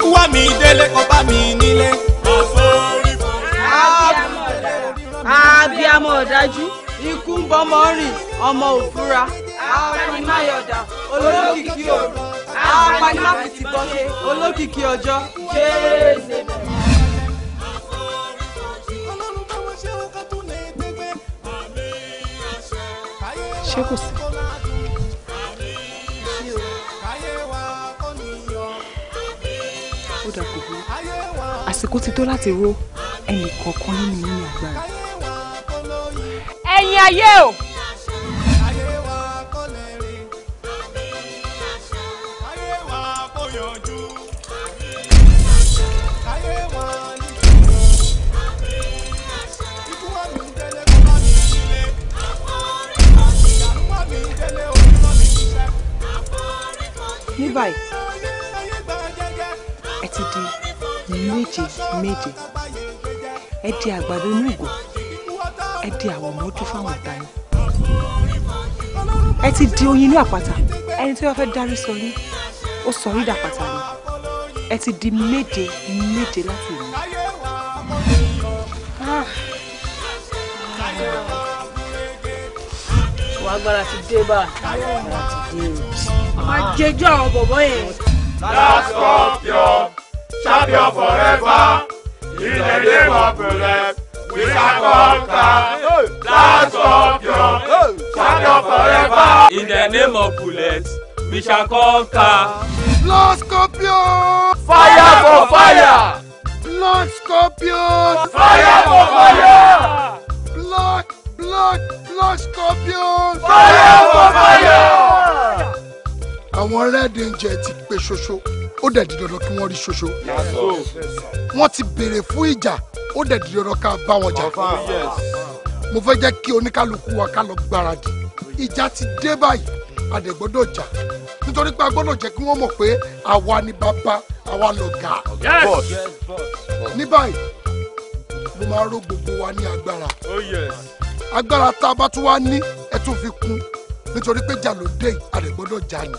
ikú wá mi délé kó bá mi nílé. abiyamọ ọ̀dájú ikú ń bọ́mọ rìn ọmọ òfúra apanimáyọ̀dà olókìkí òru apanimákìtì bọ́ṣe olókìkí ọjọ́ ṣé kò sí. àsìkò ti tó láti ró ẹnì kọ̀ọ̀kan nínú yín ní agbára. ẹ̀yin ayé o. ní méje méje ẹ di àgbàdo ní ìgò ẹ di àwọn ọmọdún fáwọn ọ̀tá yín ẹ ti di oyin ní àpáta ẹni tí wọ́n fẹ́ darí sọrí ó sọrí dàpáta ni ẹ ti di méje méje láti ìlú. Ah. wàá gbára ti dé bá a. wàá jẹjọ́ àwọn bọ̀bọ́ yẹn. last of your champion forever. In the name of Belem, we shall conquer. That's champion, champion forever. In the name of Bullet, we shall conquer. Lord Scorpion! Fire for fire! Blood Scorpion! Fire for fire! Blood, blood, blood Scorpion! Fire for fire! Àwọn rẹ́ẹ̀dì ń jẹ ti pé ṣoṣo ó dẹ̀ di dandan kí wọ́n rí ṣoṣo wọ́n ti béèrè fún ìjà ó dẹ̀ di dandan ká bá wọn jà mo fẹ́ jẹ́ kí oníkálukú wa ká lọ gbáradì ìjà ti dé báyìí a jà nítorí pé a gbọ́dọ̀ jẹ́ kí wọ́n mọ̀ pé àwa ni bàbá àwa lọ̀gá ní báyìí mo máa ró gbogbo wa ní agbára oh, agbára tá a bá tún wá ní ẹ tún fi kún nítorí pé jà ló dé a jà ni.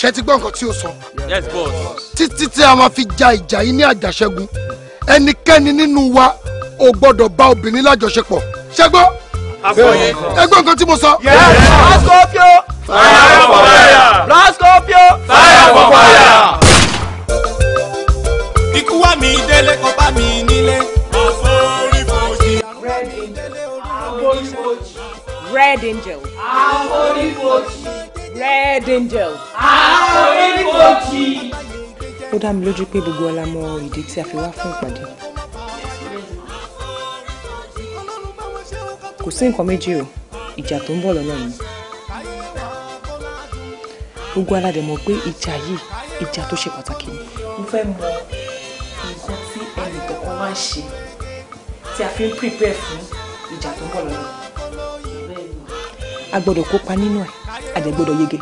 ṣe ti gbọ́ nǹkan tí o sọ. yes boss. títí tí a máa fi ja ìjà yìí ní àjàṣẹ́gun ẹnikẹ́ni nínú wa ò gbọ́dọ̀ bá obìnrin lájọṣepọ̀ ṣe gbọ́. ẹ gbọ́ nǹkan tí mo sọ. yes lásìkò fire for fire. lásìkò fire for fire. ikú wa mi délé kó bá mi nílé. àforífojì. red angel. àforífojì. red angel red angel. àwọn oníkòkì. ó dá mi lójú pé gbogbo ọlá mọ ìdí tí a fi wá fún ìpàdé. kò sí nǹkan méjì o ìjà tó ń bọ̀ lọ́nà ni gbogbo aládẹ mọ̀ pé ìjà yìí ìjà tó ṣe pàtàkì ni. mo fẹ́ mọ nǹkan tí ẹnì kọ̀ọ̀kan máa ń ṣe tí a fi ń prepare fún ìjà tó ń bọ̀ lọ́nà. a gbọ́dọ̀ kópa nínú ẹ̀ àjẹgbọ́dọ̀ yege.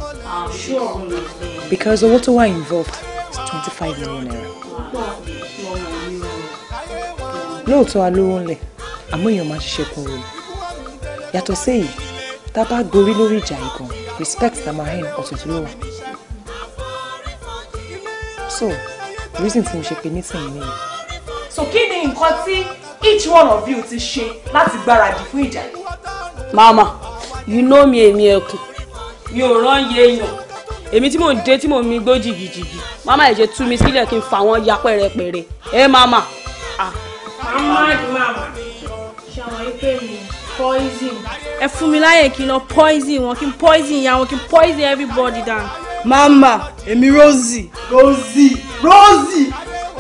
because the water wà involved is 25 million naira. lóòótọ́ alówó ńlẹ̀ àmọ́ èèyàn máa ṣiṣẹ́ kún un yàtọ̀ sí èyí tá a bá gorí lórí ìjà ìgàn respect tá a máa hẹ́n ọ̀tọ̀tún ló So, the reason tí mo ṣe pé meeting yìí so kí ni nǹkan tí each one of you ti ṣe láti gbáradì fún ìjà. mama you know me èmi ẹkùn mi ò rán yé èèyàn èmi tí mò ń dé tí mò ń mi gbó jìgìjìgì màmá ẹ̀jẹ̀ tú mi sílẹ̀ kí n fà wọ́n ya pẹ̀rẹ̀pẹ̀rẹ̀ ẹ màmá. amadi màmá ṣàwọn ipe mi poison. ẹ fún mi láyè kí n lọ poison wọn kí n poison ìyá wọn kí n poison everybody down. Mama, èmi Rosie Rosie Rosie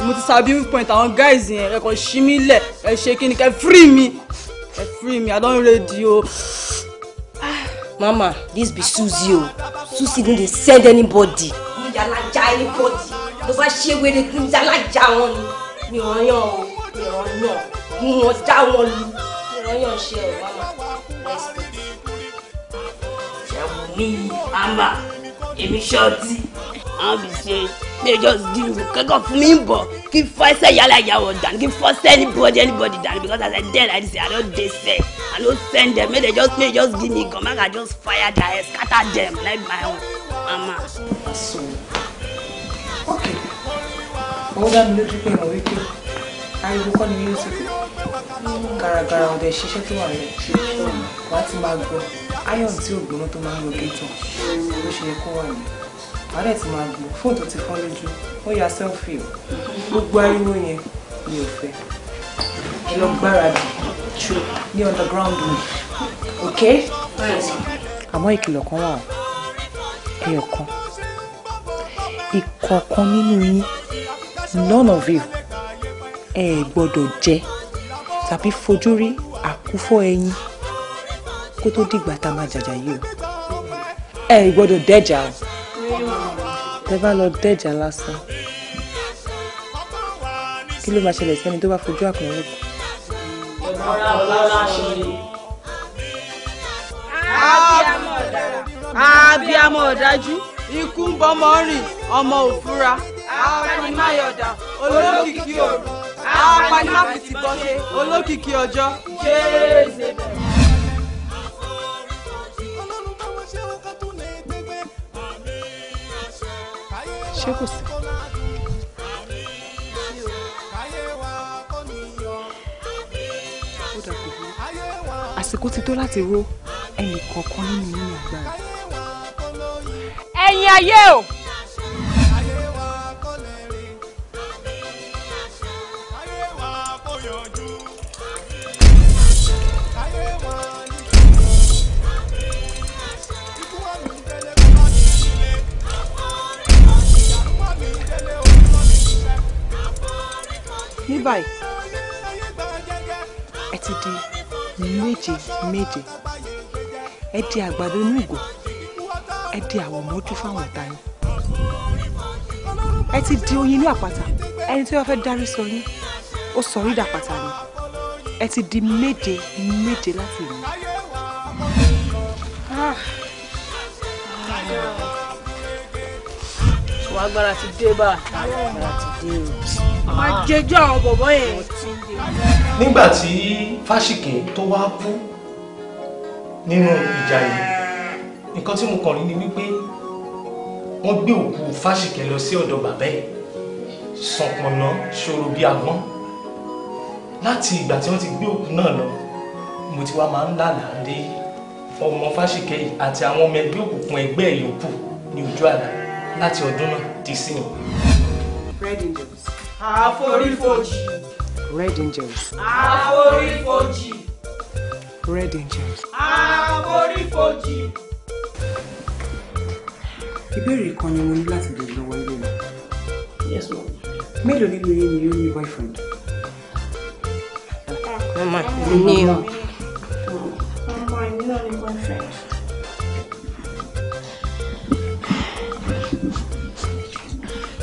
mo ti sabi weak point àwọn guys yẹn ẹ kàn ṣí mi lẹ̀ ẹ ṣe kí ni kẹ free mi ẹ free mi i don ready o. Oh mama this be suzy o suzy no dey send anybody. mo yàrá ja anybody ló bá ṣe wéré tí mo yàrá ja wọn ni mi ò yàn o mi ò yàn mo wọn já wọn lu mi ò yàn ṣe o mama respect. ṣẹ́wọ̀n ní mama èmi ṣọ́ọ̀tì àwọn fi ṣe major deal kẹ́kọ̀ọ́ fún mi ń bọ̀ kí fọ́sẹ̀ yálà ìyàwó dànù kí fọ́sẹ̀ anybody anybody dànù because as I dey like this I no dey fair I no send them May they just make just give me gun make I just fire their head scatter them like my own mama. so okay ọ̀gá mi ló ti pè wọ́n wípé ariwo kọ́ ni music garagara ọ̀dẹ̀ ṣiṣẹ́ tó wà rẹ̀ wà á ti máa gbọ́ iron tí ò gbóná tó máa ń lo gẹ́tọ̀ bó ṣe yẹ kó wà ní wà á dẹ̀ ti máa gbọ́ fóònù tó ti fọ́n lójú ó ya selfie o gbogbo ariwo yẹn mi ò fẹ́ ẹ lọ gbáradì ní underground mi ok. àmọ́ ìkìlọ̀ kan wà ẹyọ ìkọ̀ọ̀kan nínú yín none of you ẹ ẹ̀ gbọ́dọ̀ jẹ tàbí fojú rí àkúfọ́ ẹyin kó tó dìgbà tá a máa jàjà yìí o ẹ ẹ̀ gbọ́dọ̀ dẹ́jà o tẹ bá lọ dẹ́jà lásán kí ló máa ṣẹlẹ̀ sẹ́ni tó bá fojú àpẹẹrẹ kù. abiyamọ ọ̀dájú ikú bọmọ rìn ọmọ òfúra ọ̀pẹ̀lẹ́máyọ̀dà olókìkí òru apaniláàpù ti bọ́ ṣe olókìkí ọjọ́ ṣe é ṣe bẹ̀rẹ̀. àsìkò ti tó láti ró ẹnì kọ̀ọ̀kan nínú yín ní ẹ̀yin ayé o. ní báyìí ẹ ti di méje méje ẹ di àgbàdo inú ìgò ẹ di àwọn mọ́jú fáwọn ọ̀tá yín ẹ ti di oyin ní àpáta ẹni tí wọ́n fẹ́ darí sọ yín ó sọ rí dàpáta ni ẹ ti di méje méje láti ìlú. Ah. ṣùgbọ́n agbára ti dé bá a. agbára ti dé o máa jẹjọ́ àwọn bọ̀bọ̀ nígbà tí fásikè tó wá kú nínú ìjà yìí nǹkan tí mo kàn rí ni wípé wọ́n gbé òkú fásikè lọ sí ọ̀dọ̀ bàbá ẹ̀ sọ̀pọ̀nà ṣòro bíi agbọ́n láti ìgbà tí wọ́n ti gbé òkú náà lọ mo ti wá máa ń lálàá dé ọmọ fásikè àti àwọn ọmọ ẹgbẹ́ òkùnkùn ẹgbẹ́ yòókù ní ojú àlá láti ọdún náà ti sìn. Red Angels àforífojì. red angels. àforífojì. red angels. àforífojì. ìbéèrè kan ni mo ní láti béèrè lọ́wọ́ ilé mi. yes ma'am. mélòó nínú yín ni ó ní boyfriend. mama mi ní o.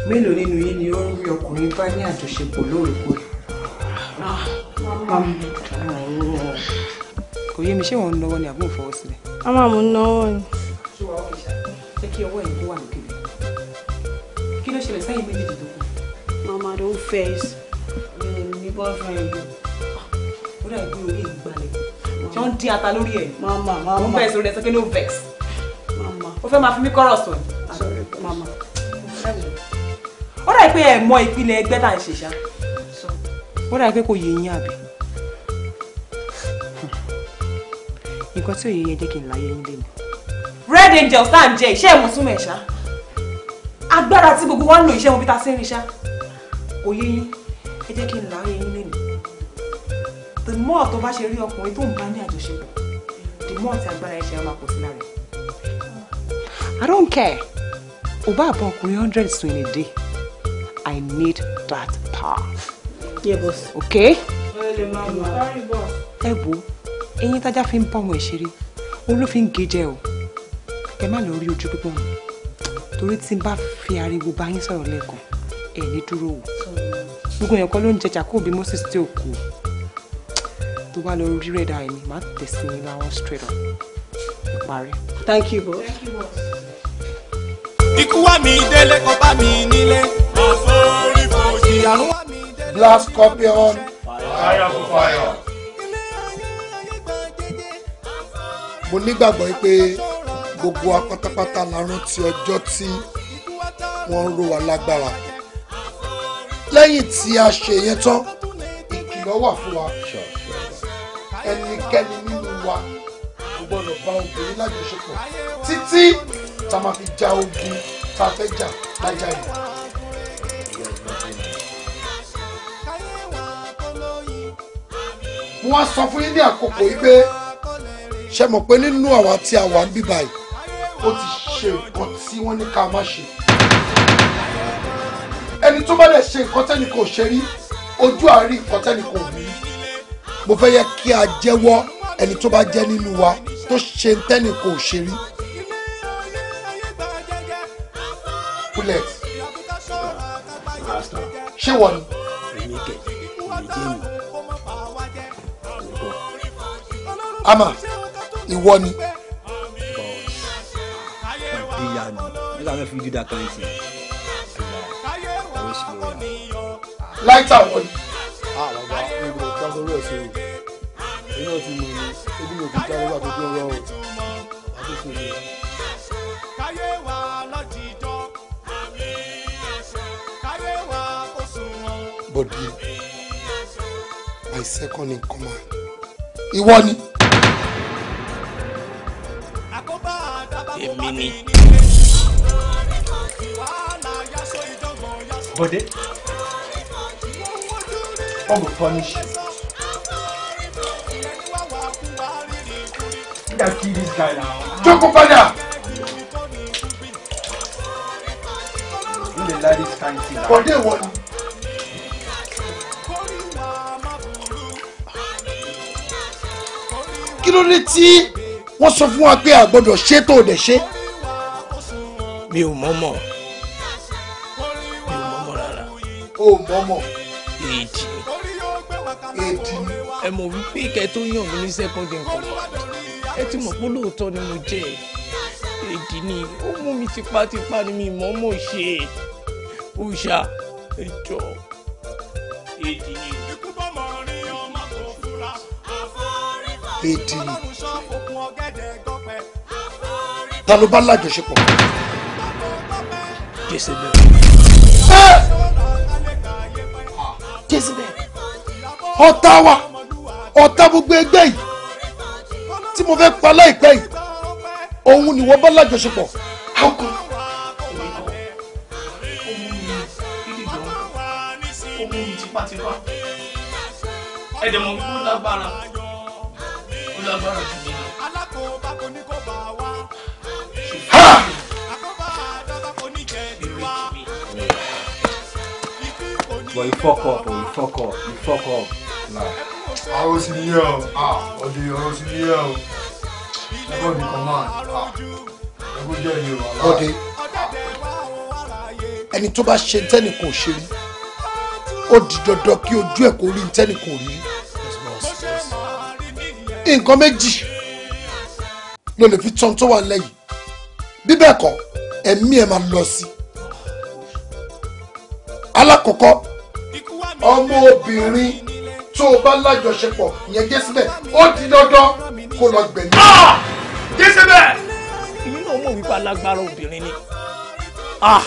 mélòó nínú yín ni ó ń rí ọkùnrin bá ní àjọṣepọ̀ lóòrèkóòrè. Ah, um, kò yé mi ṣé wọn ń náwó ni àbí òun fọwọ́ sílẹ̀. a máa mú náwó ni. ṣé kí ọwọ́ yìí kó wà lókè lọ kí ló ṣẹlẹ̀ sẹ́yìn méjèèjì tó kù. mama don face ní boyfriend ó dà bí orí ìgbàlẹ̀ tí wọ́n ń dín ata lórí ẹ̀. mama mama mo ń bẹ̀rẹ̀ ẹ̀ sọ pé no vex. mama ó fẹ́ máa fi mí kọ́rọ̀ sọ̀rọ̀. pé ẹ mọ ìpìlẹ̀ ẹgbẹ́ tá à ń ṣe ṣá ó dà pé kò yé yín àbí nǹkan tí ò yé jẹ́ kí n láyé yín lẹ́nu. red angels tá à ń jẹ iṣẹ́ ìmọ̀ súnmọ̀ ẹ̀ ṣá agbára tí gbogbo wa ń lo iṣẹ́ wọn bí ta sí ń rin ṣá kò yé yín ẹ jẹ́ kí n láyé yín lẹ́nu. the more tó bá ṣe rí ọkùnrin tó ń bá ní àjọṣepọ̀ the more ti agbára ẹ̀ ṣe máa pọ̀ sí lára I don't care. Oba upon 300 in a day. I need that power. Yeah, boss. Okay? Ẹ wo, eyín tájá fi ń bọ́ ọmọ ìṣeré, òun ló fi ń gé jẹ o. Ẹ má lọ rí ojú pípọ̀ mi. Torí tí n bá fi ariwo bá yín sọ̀rọ̀ lẹ́ẹ̀kan, ẹ̀ ní dúró o. Gbogbo yẹn kọ́ ló ń jẹ Jacob bí Moses tí ò kú o. Tó bá lọ rí rẹ̀ dáa ẹ̀mí, màá tẹ̀sí mi láwọn straight up. Parí. Thank you, boss. Thank you, boss. Ikú wá mi délé, kó bá mi nílé. Blast Scorpion. Fire for fire. Mo nígbàgbọ́ pé gbogbo wa pátápátá la rántí ọjọ́ tí wọ́n ń wa lágbára. Lẹ́yìn tí a ṣe yẹn tán, ìkìlọ̀ wà fún wa. Ẹnikẹ́ni nínú wa kò gbọ́dọ̀ bá obìnrin lájọṣepọ̀ títí tá a máa fi ja ogun tá a fẹ́ jà lájà yìí. wọ́n á sọ fún yín ní àkókò yìí pé ṣe mọ̀ pé nínú àwa tí a wà ń bí báyìí ó ti ṣe nǹkan tí wọ́n ní ká má ṣe ẹni tó bá dẹ̀ ṣe nǹkan tẹ́ni kò ṣe rí ojú àárí nǹkan tẹ́ni kò rí mo fẹ́ yẹ kí a jẹ́wọ́ ẹni tó bá jẹ́ nínú wa tó ṣe tẹ́ni kò ṣe rí. ṣé wọ́n ni. àmọ́ ìwọ ni. ìyá ni nígbà mẹ́fì dídá kan sí láìta wọ ni. àwọn ọba mi kò tán sórí ẹ̀ sórí iná ti mú mi ebi mi kò tán lọ́wọ́ àti ojú ọ̀rọ̀ àti sórí ẹ̀. káyé wa lọ́jìjọ́ àmì àṣẹ káyé wa kò sùn wọn. bọ́dí my second in command ìwọ ni. ni mi. Bọ̀dé, God will punish you. You can kill this guy now. Joko Pada! You dey like this kind thing. Bọ̀dé wọ̀lú. Kí ló dé tí wọ́n sọ fún wa pé a gbọ́dọ̀ ṣe tó o dẹ̀ ṣe? mi ò mọ̀mọ̀ mi ò mọ̀mọ̀ rárá. o mọ̀mọ̀. èdè èdè. ẹ mọ̀ wípé kẹ́ tó yàn mí ní second nǹkan ẹ ti mọ̀ pé lóòótọ́ ni mo jẹ́ èdè ni ó mú mi tipátipá ni mi mọ̀mọ̀ ṣe òòṣà ẹjọ́ èdè ni. èdè ni ta ló bá lájọṣepọ̀ Jezebel. Jezebel ọ̀tá wa ọ̀tá gbogbo ẹgbẹ́ yìí tí mo fẹ́ pa láìpẹ́ yìí òun ni wọ́n bá lájọṣepọ̀ àkọ́. ẹ̀dẹ̀ mọ̀ kó lágbára ó lágbára jù mí lọ. But you fuck up, oh, you fuck up, you fuck up. Nah. I was in here, ah, oh, dude, I was here. I got the command, ah. I go get you, ah. Bọ́dé, ẹni tó bá ṣe tẹ́nìkan ò ṣe rí, ó di dandan kí ojú ẹ̀ kó rí tẹ́nìkan ò rí. Nǹkan méjì ló lè fi tán tó wà lẹ́yìn. Bí bẹ́ẹ̀ kọ́, ẹ̀mí ẹ̀ máa lọ sí. Alákọ̀ọ́kọ́ ọmọ obìnrin tó o bá lájọṣepọ̀ ìyẹn jésìbẹ̀ ó di dandan kó lọ gbẹ̀mí. Ah! jésìbẹ̀ èmi náà mọ̀ wípé alágbára obìnrin ni ah!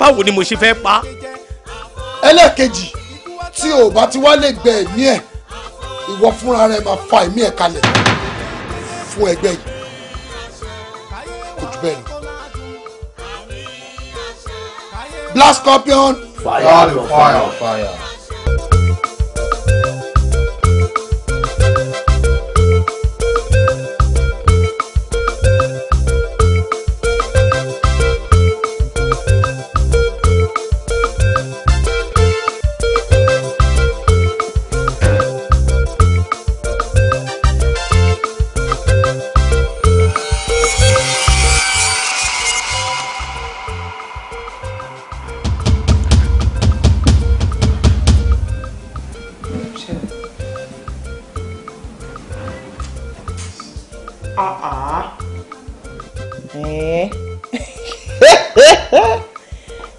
báwo ni mo ṣe fẹ́ pa. ẹlẹ́ẹ̀kejì tí o bá ti wá lè gbẹ ẹ̀mí ẹ̀ ìwọ fúnra rẹ máa fa ẹ̀mí ẹ̀ kalẹ̀ fún ẹgbẹ́ yìí kò jù bẹ́ẹ̀ lọ. black scorpion. 发呀发呀发呀！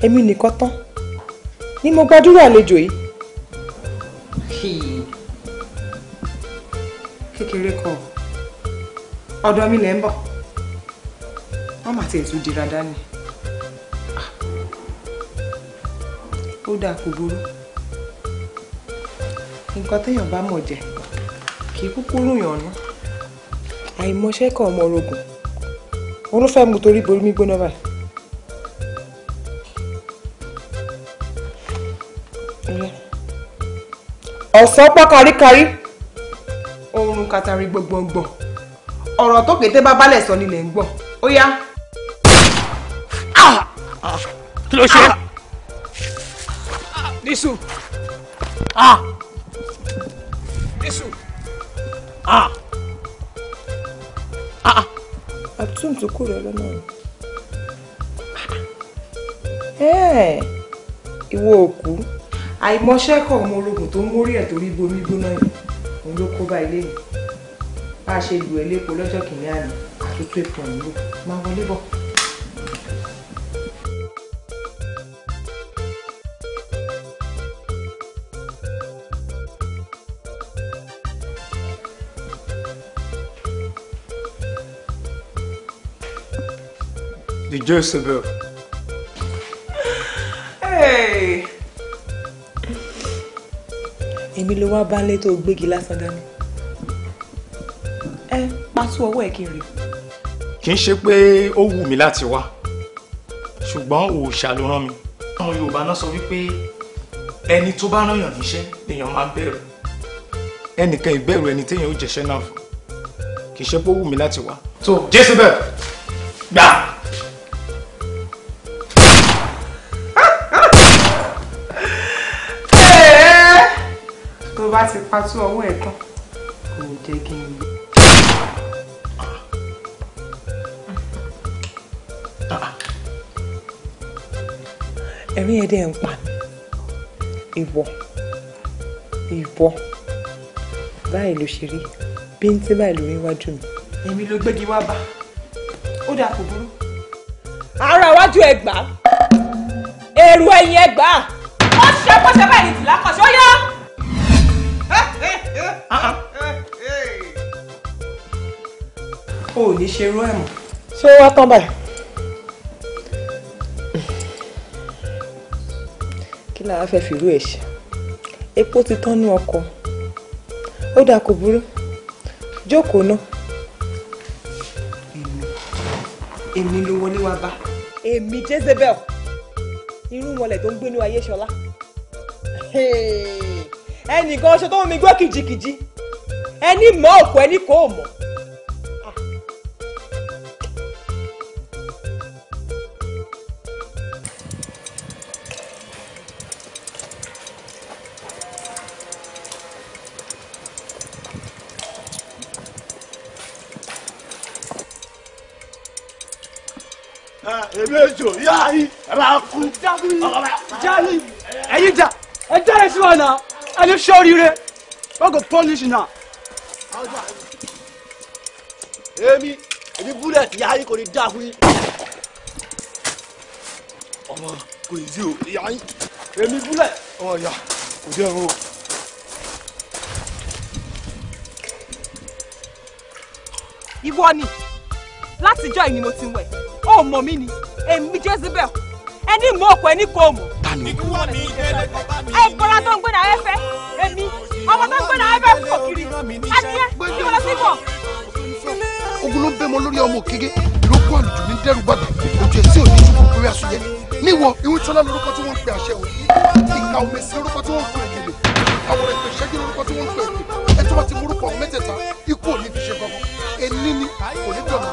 èmi nìkan tán ni mo gbàdúrà àlejò yìí. kékeré kan ọ̀dọ̀ mi lẹ́ ń bọ̀ wọ́n mà tiẹ̀ tún dira dání ó dáa kò burú nǹkan téèyàn bá mọ̀ jẹ kì í kúkú ròyàn ná àìmọṣẹ́ kan ọmọ orogún orúfẹ́ mu torí borí mi gbóná báyìí. ọ̀sán pọ́ káríkárí oorun kàtàrí gbọ̀ngbọ̀ngbọ̀n ọ̀rọ̀ tó kété bá balẹ̀ sọ nílẹ̀ ń gbọ̀n ó yá. Ah! Ah! kí ló ṣe é. Ah! nísù. nísù. àtúntò tó kúrò lọ́nà rẹ̀. ìwọ òkú àìmọṣẹ́ kọ̀ ọmọ orogún tó ń mórí ẹ̀ torí bomi gbóná yìí òun ló kó bá ilé yìí bá a ṣe lù ẹ́ lẹ́kọ̀ọ́ lọ́jọ́ kìnínní àná àtúntò ètò ọ̀hún ló máa wọlé bọ̀. Jezebel. wá bá lé tó gbégi lásán dání ẹ pàṣẹ ọwọ́ ẹ kí n rí. kì í ṣe pé ó wù mí láti wá ṣùgbọ́n òòṣà ló rán mi. àwọn yorùbá náà sọ wípé ẹni tó bá rán níṣẹ́ lèèyàn máa bẹ̀rù ẹnìkan ìbẹ̀rù ẹni téèyàn ó jẹ̀ṣẹ́ náà fún kì í ṣe pé ó wù mí láti wá. tó Jésù bẹ́ẹ̀ gbà. patú ọwọ́ ẹ̀ tán kò jẹ́ kí n lè. Ah. ẹ̀rín ẹ̀dẹ̀ ń pa mi ìwọ ìwọ báyìí ló ṣe rí bíntín báyìí lórí iwájú mi. èmi ló gbégi wá bá ó dà kò burú. ara iwájú ẹ gbà á èrò ẹ̀yìn ẹ gbà á ó ṣe bó ṣe báyìí tìlákọ̀ṣe ó ò ní ṣerú ẹ̀ mọ́. ṣé wá tán báyìí. kí lára fẹ́ fìrú ẹ̀ ṣe epo ti tán ní ọkọ̀ ó dáa kò burú jókòó náà. èmi ló wọlé wá bá. èmi Jezebel irú mọlẹ̀ tó ń gbénú ayé ṣọlá ẹnìkan ọṣọ tó ń mi gbọ́ kìjikìji ẹni mọ òkú ẹni kò mọ̀ mọ́tò yá yí ra kú. jaali ẹyin ja ẹ jáde sí wa náà ẹni ṣe oríire wọn kò pọ́nlíṣì náà. èmi èmi búlẹ̀tì yá yí kò ní dáa fún yín. ọmọ kò ní sí o yá yí èmi búlẹ̀ ọmọ yá kò dé ẹ̀rọ o. ìwọ ni látijọ́ yìí ni mo ti wẹ̀ ó mọ̀ mí ni èmi Jezebel ẹni mọ ọkọ ẹni kò mọ̀. ẹ̀kọ́ra tó ń gbé náà ẹ fẹ́ èmi ọmọ tó ń gbé náà ẹ fẹ́ kò kiri adìyẹ kí wọ́n lọ sí bọ̀. ogun ló ń bẹ́ mọ lórí ọmọ òkèké ló kó àlùjù ní dẹ́rù bàbà òjò ẹ̀sìn òní ju kò péré àṣeyẹ níwọ̀ ìwé tí ọlọ́run lórúkọ tí wọ́n ń pè àṣẹ òní ìka òmèsì lórúkọ tí wọ́n ń pè èkèlè àwọn ẹ̀pẹ̀ ìṣẹ́jú lórúkọ tí wọ́n ń pè èkèlè ẹ̀ tó bá ti mú orúkọ mẹ́tẹ̀ẹ̀ta ikú òní fi ṣe gbọ́ngàn ẹni ní kò ní dọ̀nà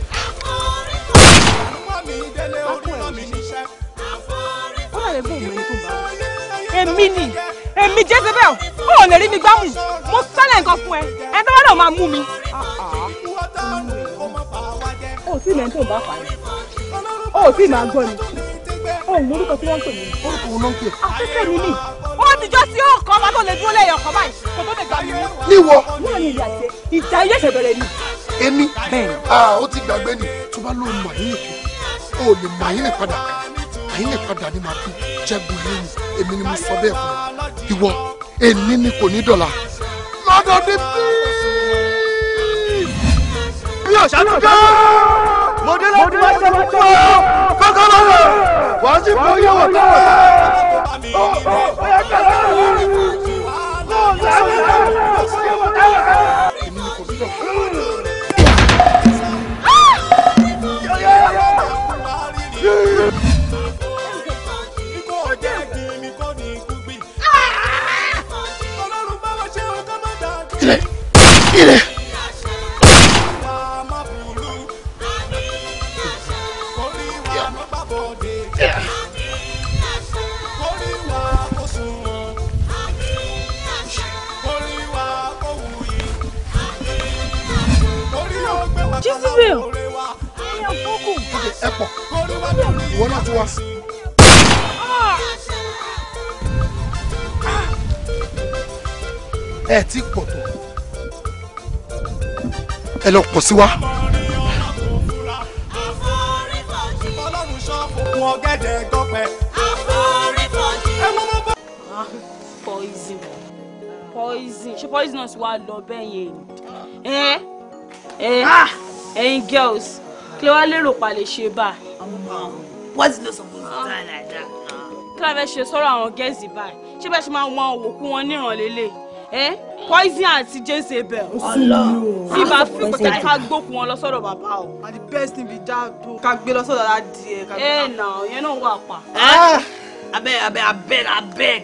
mi délé orí rán mi níṣẹ́. ó lè gbọ́ òun ẹni tó bá wù. èmi ni èmi Jezebel ó ò lè rí mi gbá mú mo sálẹ̀ nǹkan fún ẹ ẹ tó bá dọ̀ máa mú mi. ó sì mẹ́ni tó bá fà á ó sì máa gbọ́ ni ó ń lórúkọ tí wọ́n ń pè mí. orúkọ wọn ló ń pè. afẹ́fẹ́ mi nì ó ti jọ́ sí ọkọ̀ ọba tó lè dúró lẹ́yìn ọkọ̀ báyìí kò tó lè gbà mí. níwọ. láàrin ìyá tiẹ ìjà ayé ìṣẹ̀bẹ̀rẹ̀ ni. èmi. bẹ́ẹ̀ ni. ó ti gbàgbé ni tó bá lóun mọ̀ nínú ìkẹ́ o lè mọ àyín lè padà àyín lè padà ní màá fi jẹ́gun lẹ́yìn èmi ni mo sọ bẹ́ẹ̀ fún ẹ ìwọ èní ni kò ní dọ̀la lọ́dọ̀ ní bí. bí ọ̀sà ti dá mo dé láti wá sí ọmọ tó kọ́kọ́ lọ́rọ̀ wọ́n sì fún yẹ̀wò tó wà. sí wa. poison poison ṣe poisonous wa lọ bẹ́ẹ̀ yẹn ni ah! ẹ̀yin girls kí lè wá lérò pa lè ṣe bá. poisonous of us die like that. kí la fẹ́ ṣe sọ́rọ̀ àwọn gẹ́ẹ̀sì báyìí ṣé bá ṣe máa wọn òwòkú wọn níranlélẹ̀ poison àti jezebel. ọlọ́run tí bá fi pé ká gbókun wọn lọ sọ́dọ̀ bàbá o. and the best thing be that o ká gbé lọ sọ́dọ̀ adìẹ. ẹ eh, nà yẹn náà wà pa. Ah. Ah. abeg abeg abeg abeg.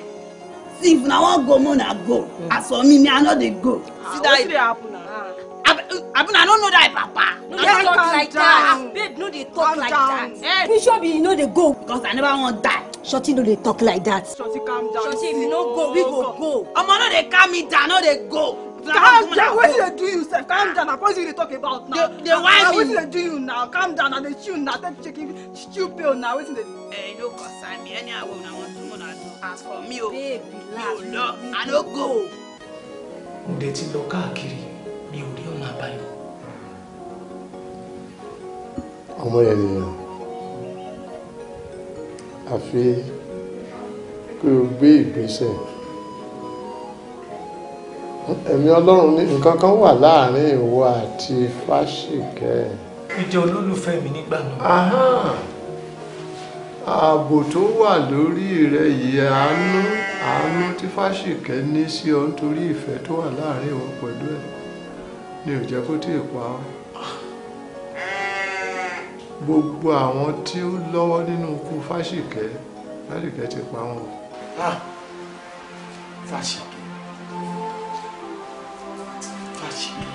see if na wan go mo na go as for me me i no dey go. see that wetin dey happen na. Uh, abuna i no know that papa. no dey talk like that babe no dey talk like that. e sure be you no dey go. because i never wan die. Shorty no dey talk like that. Shorty calm down. Shorty if you no go we go go. Omo no dey calm me down no dey go. calm down wetin dey do you sef calm down na poison you dey talk about now dey why me wetin dey do you now calm down na dey chill na take check if chill pale na wetin dey. ẹ no concern me anyhow wey una wan do una do as for me o mi o lọ i no go. mo dẹ̀ ti lọ káàkiri mi ò rí ọ̀nà àbáyọ. ọmọ yẹn nìyẹn. àfi kí o gbé ìgbésẹ̀ ẹ̀mí ọlọ́run ní nǹkan kan wà láàrin ìwọ àti fásikẹ́ ó jẹ́ olólùfẹ́ mi nígbà náà ààbò tó wà lórí rẹ yìí àánú àánú tí fásikẹ́ ní sí ọ nítorí ìfẹ́ tó wà láàrin ìwọ pẹ̀lú ẹ̀ ni ò jẹ́ kó tí ì pa ọ́ gbogbo àwọn tí ó lọ́wọ́ nínú ikú fásikẹ́ fásikẹ́ ti pa wọn. Ah, fásikẹ́ fásikẹ́.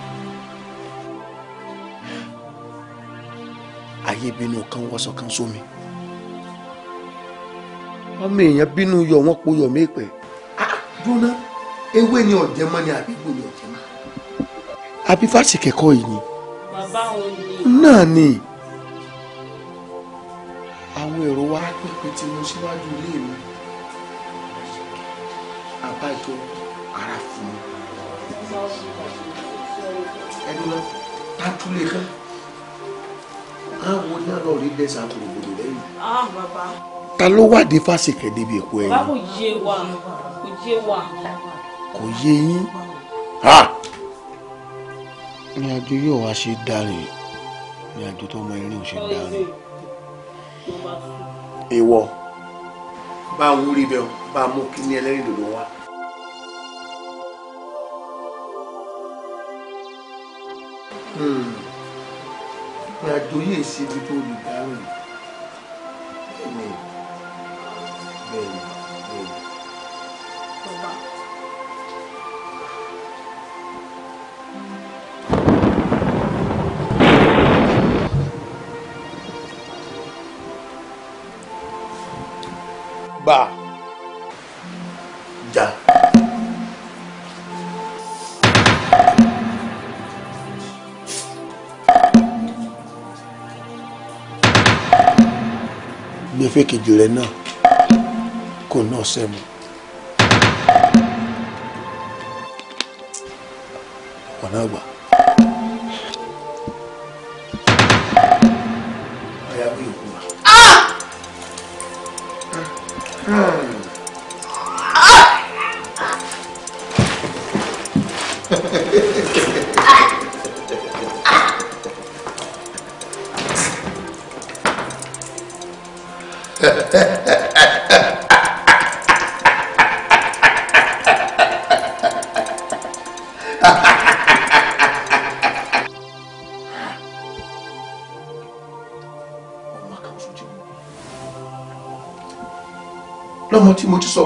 ayé bínú kan wọ́sọ kan sómi ọmọ èèyàn bínú yọ wọn po yọ mẹ́pẹ́. dúnà ah, ewé ni ọ̀jẹ̀ mọ́ ni àbígbò ni ọ̀jẹ̀ mọ́. àbí fásikẹ́ kọ́ yìí ni. bàbá òun ni. náà ni àwọn èrò wa pèpè tí mo síwájú ilé mi àbá ètò ara fún mi ẹni náà tátúlé kan àwọn náà lọ rí dẹ́sà kòrògbòdò lẹ́yìn. Ah, ta ló wádìí fásikẹ̀ débi èkó ẹ̀yìn. báwo yé wa kò yé wa. kò yé yín ní àjò yóò wá ṣe dárin ní àjò tó mọ irin ò ṣe dárin ìwọ bá wúrí bẹ́ẹ̀ bá mú kí ní ẹlẹ́rìn dòdò wá. Hmm. ìrìn àjò yìí ṣe ibi tó lè dáhùn bẹ́ẹ̀ ni bẹ́ẹ̀ ni. gbà jà. gbèfé kejì rẹ náà kò náà sẹ́mu. ọ̀nà àgbà.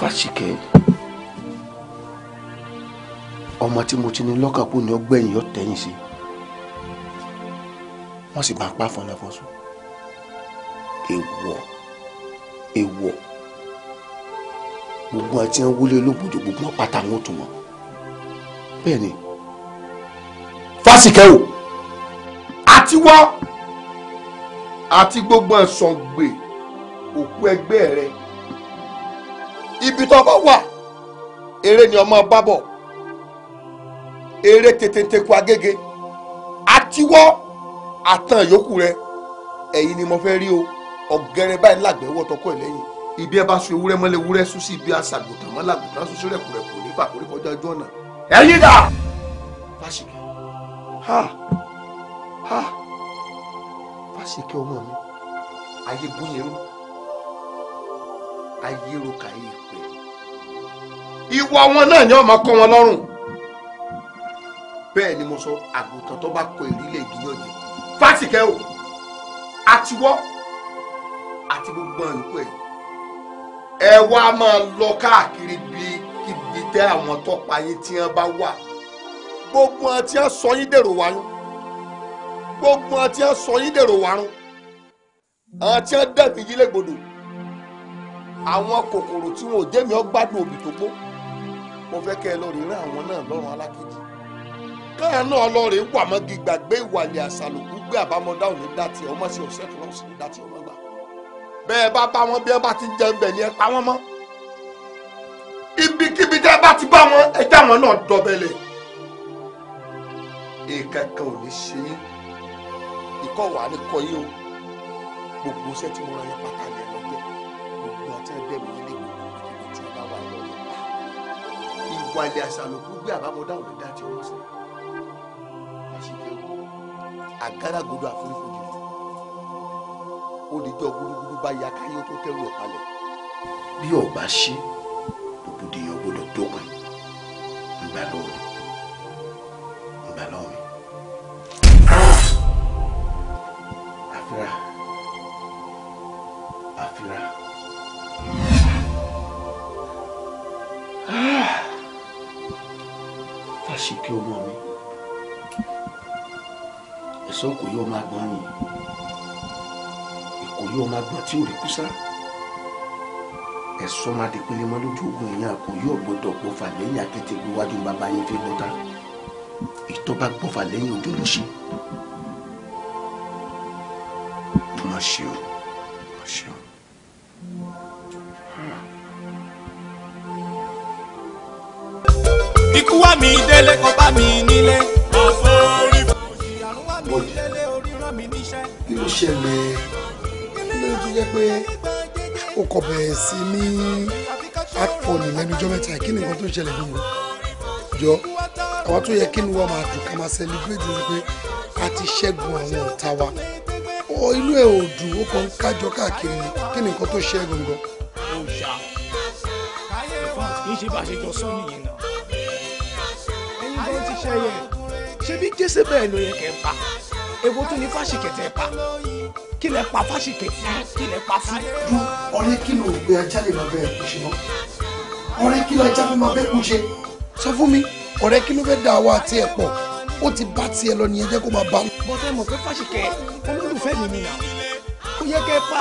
fàṣìkẹ́ ọmọ tí mo ti ní lọ́kàpọ̀ ni ó gbẹ̀yìn yóò tẹ̀yìn sí wọ́n sì bá ń pa fọnáfọ́sùn èèwọ̀ èèwọ̀ gbogbo àti ẹ̀ ń wúlé lóbodò gbogbo wọn pátá wọn tún wọn bẹ́ẹ̀ ni fásikẹ́ o àtiwọ́ àti gbogbo ẹ̀sán gbè òkú ẹgbẹ́ rẹ̀ ibi tó bá wà eré ni ọmọ bábọ̀ eré teteteku agége àtiwọ́ àtàn yòókù rẹ ẹ̀yin ni mo fẹ́ rí o ọ̀gẹ́rẹ́ báyìí làgbẹ̀wọ̀ tọkọ ẹ̀ lẹ́yìn ibi ẹ bá so ewúrẹ́ mọ́lẹ̀ ewúrẹ́ sùn sí ibi àṣàgùtàn mọ́lẹ̀ àgùtàn sùn sí rẹ̀kùrẹ̀kù nípa àkóríkọjá ojú ọ̀nà ẹ̀yin dà fásitì ha ha fásitì ọmọ mi ayé gúnyẹrú ayé ro kàyé ìpè ìwà wọn náà ni ọmọ kọ́ wọn lọ́rùn bẹ́ẹ̀ ni mo sọ àgùntàn tó bá kọ ìrílẹ̀ ìgbìyànjú fásitì o àtiwọ́ àti gbogbo ìkú ẹ̀ ẹ wá máa lọ káàkiri bíi kíbi tẹ àwọn tọ́pa yín tí wọ́n bá wà gbogbo àti àsọ yín dèrò wáyún gbogbo àti àsọ yín dèrò wárún àwọn tí wọ́n dẹ̀mí yílẹ̀ gbòdò àwọn kòkòrò tí wọn ò jẹ́mi ọ́ òbí tó gbó mo fẹ́ kẹ́ ẹ lọ rèé rán àwọn náà lọ́rùn alákejì káà náà lọ rèé wà mọ́ gbígbàgbé ìwàlẹ̀ àṣàlùkù gbé àbámọ́dá òní dátì ọmọ sí ọ̀sẹ̀ tó lọ́sìn dátì ọmọ gbà bẹ́ẹ̀ bá bá wọn bí ẹ bá ti jẹun bẹ̀ ni ẹ pa wọ́n mọ́ ibikíbi tẹ́ bá ti bá wọn ẹ já wọn náà dọ̀bẹ̀lẹ̀ ìkankan ò ní ṣe yín ìkọ́ wà ní kọ́ yín o gbogbo iṣẹ́ tí mo rán yẹn pátá ni ẹ lọ bẹ́ẹ̀ gbogbo ọtí ẹ bẹ́ẹ̀ mi wàlẹ̀ àṣàlùkù gbé àbámọ́dá òní dá tí wọ́n sẹ́ àgádágodo àforífojì rẹ̀ ó lè jọ gúdúgúdú bá ya káyé tó tẹ́rù ẹ̀ palẹ̀. bí ọba ṣe rògbòdìyàn gbọ́dọ̀ dópin ńgbà lọ́rùn ńgbà lọ́rùn. àfírà àfírà. àṣìkí ọmọ mi ẹ̀sọ́ kò yóò máa gbọ́n ni èkó yóò máa gbọ́n tí ò rí kúsá ẹ̀sọ́ máa di pélé mọ́ lójú ogun yẹn àpò yóò gbọ́dọ̀ gbọ́fà lẹ́yìn akéde gbéwájú bàbá yẹn fi gbọ́ta ìtọ́ba gbọ́fà lẹ́yìn ojú olóṣì. má ṣe o má ṣe o. àrùwá mi délé kó bá mi nílé. bọ́dì ló ṣẹlẹ̀ ilé tó jẹ́ pé ó kọ̀ bẹ̀rẹ̀ sí ní akọni lẹ́nujọ́ mẹ́ta kí ni nǹkan tó ń ṣẹlẹ̀ nínú jọ àwọn tó yẹ kí ni wọ́n máa dùn ká máa celebrate ní pé a ti ṣẹ́gun àwọn ọ̀tá wa ọ inú ẹ̀ ò dùn ó kàn ń kájọ káàkiri ni kí ni nǹkan tó ṣẹ́gun gan. ó ṣá kì í ṣe bá a ṣe jọ sọ nìyẹn ṣẹyẹ ṣé bí jésè bẹ́ẹ̀ ló yẹ kẹ́ ń pa èwo pa kí lẹ pa fásikẹ̀tẹ̀ kí lẹ pa fún. du ọ̀rẹ́ kí ló ajá lè máa bẹ́ẹ̀ kú ṣe náà ọ̀rẹ́ kí ajá fi máa bẹ́ẹ̀ kú ṣe. sọ fún mi ọ̀rẹ́ kí ló fẹ́ àwa àti ẹ̀ pọ̀ ó ti bá tiẹ̀ lọ nìyẹn jẹ́ kó máa bá. bọ́tẹ́ mọ̀ pé fásikẹ̀ olólùfẹ́ mi nìyà ó yẹ kẹ́ pa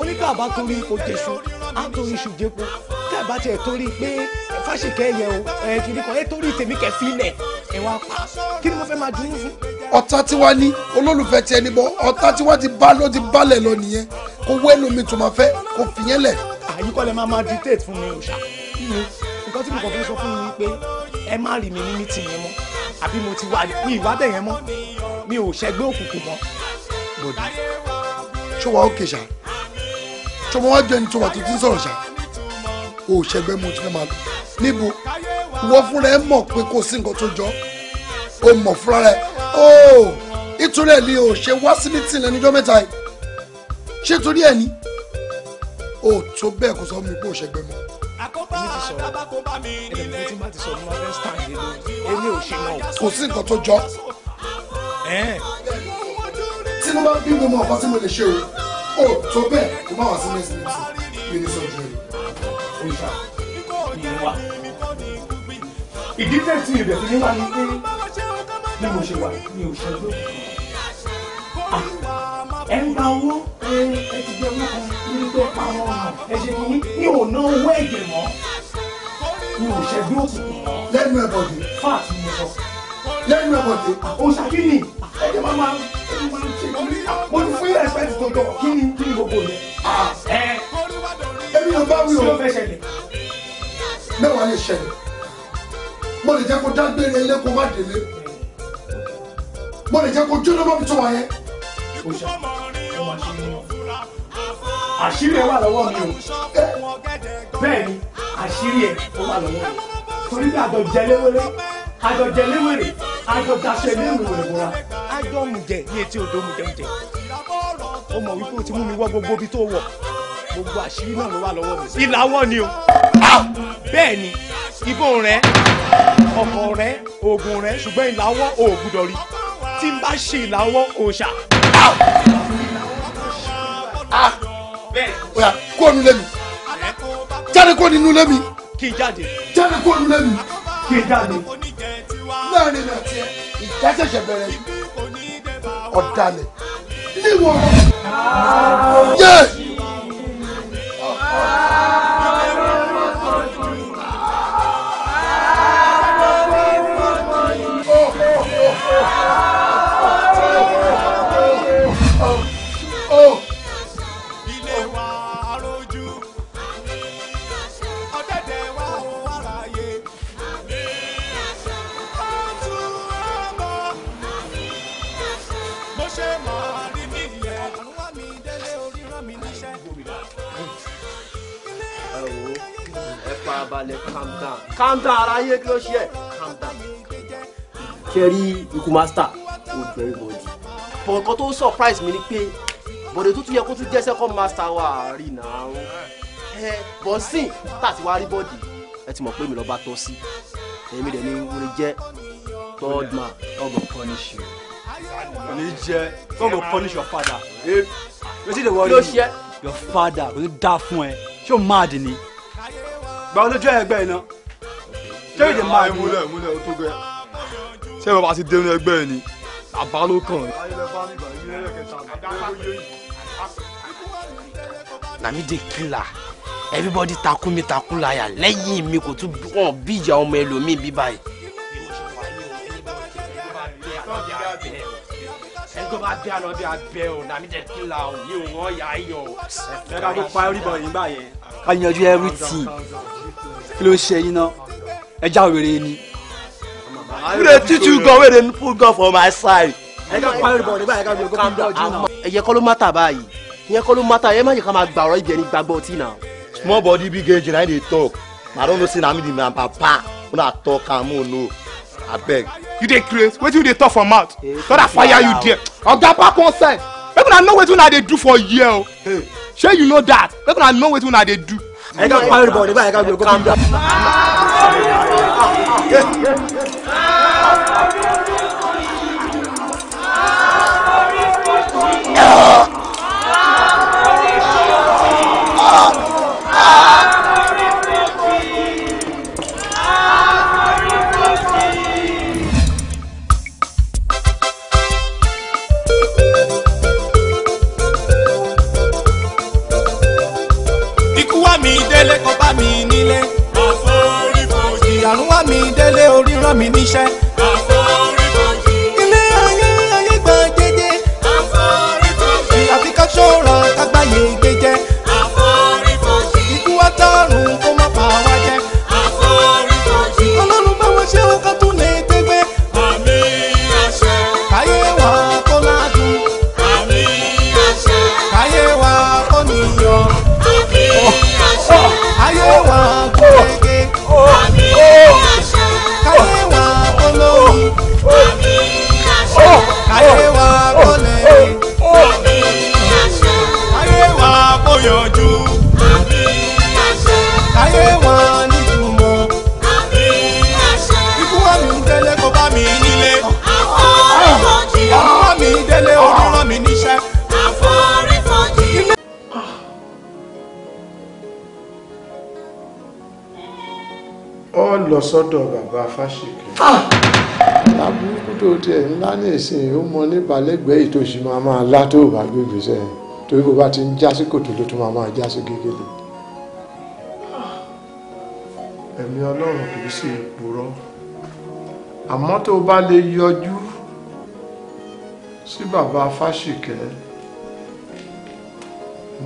oníkà bá torí ipò jẹ̀sù á torí iṣu jẹ́po tẹ́ bá tiẹ̀ torí pé fásikẹ̀ yẹ o ẹ̀ kìnnìkan ẹ̀ torí tèmi kẹ́ fi ẹ wá pa kí ni mo fẹ́ máa dùnnú fún. ọ̀tá tiwa ní olólùfẹ́ tiẹ̀ níbọ̀ ọ̀tá tiwa ti bá ló ti balẹ̀ lọ nìyẹn kó wẹ́lò mi tó máa fẹ́ kó fi yẹn lẹ̀. àyíkọ́ lẹ máa máa dictate fún mi òòṣà nǹkan tí mo kàn fẹ́ sọ fún mi ni pé ẹ má rí mi ní mítì yẹn mọ́ àbí mo ti wà ní ìwádẹ̀ yẹn mọ́ mi ò ṣẹgbẹ́ òkùnkùn mọ́. bọ̀dù ṣé wàá ṣá ṣé wá jẹ́ ẹni tó wà tó ti ń sọ̀rọ̀ ṣá o ò ṣẹgbẹ́ mo ti fẹ́ máa lọ níbo wọ́n fúnra ẹ mọ̀ pé kò sí nǹkan tó jọ o mọ̀ fúnra rẹ o ìtúrẹ́ ẹ̀ ni o ṣe wá sí mítìn lẹ́nijọ́ mẹ́ta yìí ṣé torí ẹ̀ ni o tó bẹ́ẹ̀ kó sọ mi pé o ṣẹgbẹ́ mọ́ mi ti sọ̀rọ̀ ẹ̀dẹ̀ mi ti má ti sọ̀rọ̀ mo fẹ́ stand yìí lórí èmi ò ṣe náà. kò sí nǹkan tó jọ. tí mo bá bí gbogbo ọkọ tí mo lè ṣe o tó bẹ́ẹ̀ kó má wá sí next mi ní sọ̀rọ̀ fún ìṣá ìyẹn wà. ìdí tẹ̀sí rẹ̀ fi ní wá ní pé bí mo ṣe wà mi ò ah, ẹ ń gba owó ẹ ti jẹ owó kan nínú pé pa wọn ẹ ṣe ní mi ò ná owó ẹ̀jẹ̀ mọ́ mi ò òkùnkùn lẹ́nu ẹ̀ bọ̀dé. fáàtì mi sọ. lẹ́nu ẹ̀ òṣàkínì ah, ẹ̀jẹ̀ máa máa ṣe kí ni ah, mo ní fún yẹn ẹ̀sẹ̀ tó jọ kí ni kí ni gbogbo yẹn mi ò bá wí o mẹ́wàá lè ṣẹlẹ̀ mo lè jẹ́ kó dágbére ilé kó má délé mo lè jẹ́ kó jóná mọ́ tó wáyé. àṣírí ẹ wà lọ́wọ́ mi o bẹ́ẹ̀ ni àṣírí ẹ wà lọ́wọ́ mi torí bí àjọ jẹléwéré àjọ jẹléwéré àjọ daṣẹ ilé ìwòrán ìwòrán. àjọ mùjẹ ní etí odò mùjẹmùjẹ ó wípé o ti mú mi wọ gbogbo ibi tó wọ̀ gbogbo àṣírí náà ló wà lọ́wọ́ mi. ìlàwọ́ ni o ah! bẹ́ẹ̀ ni ìbọn rẹ ọkọ rẹ oògùn rẹ ṣùgbọ́n ìlàwọ́ ò rí tí n bá ṣe ìlàwọ́ òòṣà. oya kó nu lémi jáde kó nínú lémi. kí jáde. jáde kó nu lémi. kí jáde. láàrin náà tiẹ ìdásẹ̀sẹ̀ bẹ̀rẹ̀ ọ̀dàlẹ̀ níwọ̀n. Ah. balẹ̀ calm down calm down ara yé kí ló ṣe ẹ̀ calm down. ṣẹ́rí ikú master ó oh, ju everybody. bọ̀ nǹkan tó surprise mi ni pé bọ̀dẹ̀ tó tún yẹ kó tún jẹ́ second master wa rí náà ẹ bọ́sìn tàti wá rí bọ́dì body. ti mọ̀ pé mi lọ́ọ́ bá tọ́ sí èmi dẹ̀ ni orin jẹ́ third man God go punish you kò ní jẹ́ God punish your father You see the you your father kò ní dá fún ẹ ṣé o máa gbàgbọ́ lójú ẹgbẹ́ iná ṣé èdè máa ah, dùn. múlẹ̀ múlẹ̀ ó tó gẹ. ṣé bàbá ti dénú ẹgbẹ́ ẹ ni àbá ló kàn. Nami the killer everybody takun mi takun láyà lẹ́yìn mi kò tún ọ̀ bíjà ọmọ ẹlòmíì bíbáyìí ẹgbẹ́ bá bẹ́ àná bí abẹ́ o nàmí jẹ́ kílà o yìí o wọ́n yà á yọ o. ẹ ká tó pa everybody nígbà yẹn. ká yanjú everything kí ló ń ṣe yín náà ẹ já wèrè ni. wúlò títí gan wèrè ní put gun for my side. ẹ ká pa everybody nígbà yẹn ká gbé kókó dọ̀jú náà. ẹ̀yẹ kọ́ ló má tà báyìí ìyẹn kọ́ ló má tà ẹ má yẹ ká máa gbàrọ̀ ibi ẹni gbàgbọ́ ọtí náà. small body big engine na dey talk. I don't know say na me the man papa una talk am o no abeg you dey craze wetin you dey talk for mouth so eh, that fire you there oga back one side make una know wetin una dey do for here o shey you know that make una know wetin una dey do. ẹ̀ka pariwo bọ̀ nígbà ẹ̀ka gbogbo. rán mi níṣẹ́ ní ìsìn ó mọ nípa lẹ́gbẹ̀ẹ́ ìtòsí máa máa lá tó bá gbé ìgbésẹ̀ torí bó bá ti ń já kòtò ló tún máa máa já gégélé. Ah, ẹ̀mí ọlọ́run kì í ṣe ìpòrọ́ àmọ́ tó bá lè yọjú sí bàbá fásikẹ́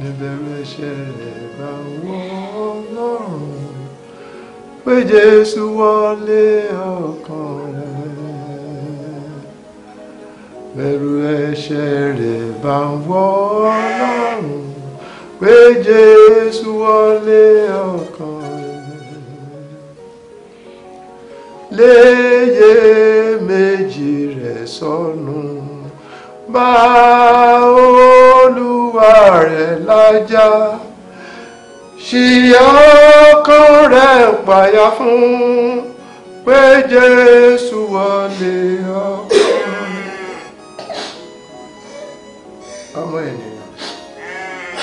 níbẹ̀rù ẹ̀ṣẹ̀ rẹ̀ bá wọ́ ọlọ́run pé jésù wọlé ọkàn rẹ̀ bẹ̀rù ẹ̀ṣẹ̀ rẹ̀ bá ń wọ́ ọlọ́run pé jésù wọlé ọkàn léyè méjì rẹ̀ sọnù bá olúwa rẹ̀ lájà ṣì ọkàn rẹ̀ pàyà fún pé jésù wọlé ọkàn. ọmọ ènìyàn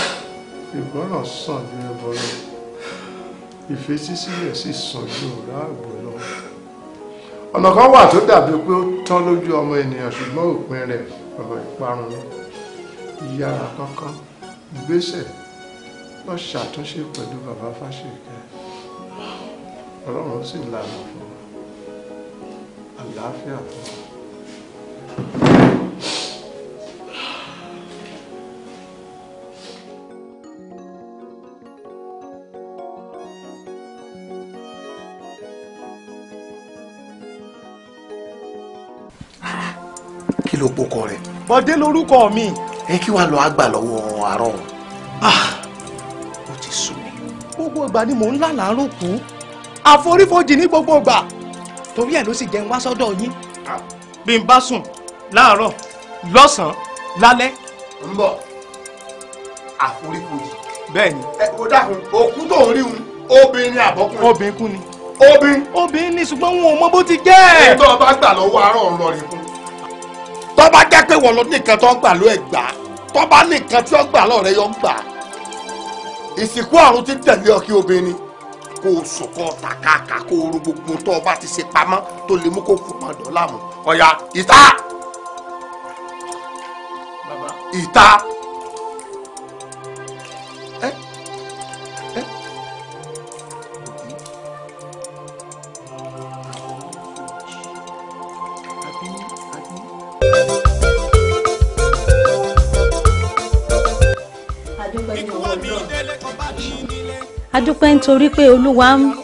ìgbọràn sàn ju ẹbọ lọ ìfetísílẹ̀ sì sàn ju ọ̀rá àgbò lọ ọ̀nà kan wà tó dàbí pé ó tán lójú ọmọ ènìyàn ṣùgbọ́n òpin rẹ̀ ọ̀rọ̀ ìparun ni yára kankan gbéṣẹ̀ lọ ṣàtúnṣe pẹ̀lú bàbá fáṣekẹ́ ọlọ́run sì lànà fún àlàáfíà fún wa. kí ló pokọ rẹ. bọ̀dé lorúkọ mi. ẹ kí wàá lọ àgbà lọ́wọ́ àárọ̀ wọn. Ah, ó ti sú mi. gbogbo ìgbà ni mò ń lálàá rò kú àforífojì ní gbogbo ìgbà torí ẹ ló sì jẹun wá sọ́dọ̀ yín. Ah. bí n bá sùn láàárọ̀ lọ́sàn-án lálẹ́. ń bọ̀ àforífojì. bẹ́ẹ̀ni. ẹ o dákun òkú tó ń rí un obìnrin àbọ̀kùnrin. obìnrin kú ni. obìnrin. obìnrin ni ṣùgbọ́n wọn ò mọ bó ti jẹ́. ètò ọba gbà lọ́wọ́ àárọ̀ ọ̀rọ̀ rẹ̀ fún tó bá jẹ́ pé wọ́n ló nìkan tó ń gbà ló ẹ̀ gbà tó bá nìkan tí ó gbà lọ́rẹ́ yọ ń gbà ìsìnkú àrùn ti tẹ̀lé ọkí obìnrin kó o sùn kó o ta gbogbo tó o bá ti ṣe pamọ́ tó lè mú kó o fòpọ̀ dọ̀ láàmú ọ̀yà ìta ìta. nítorí pé olúwa ń.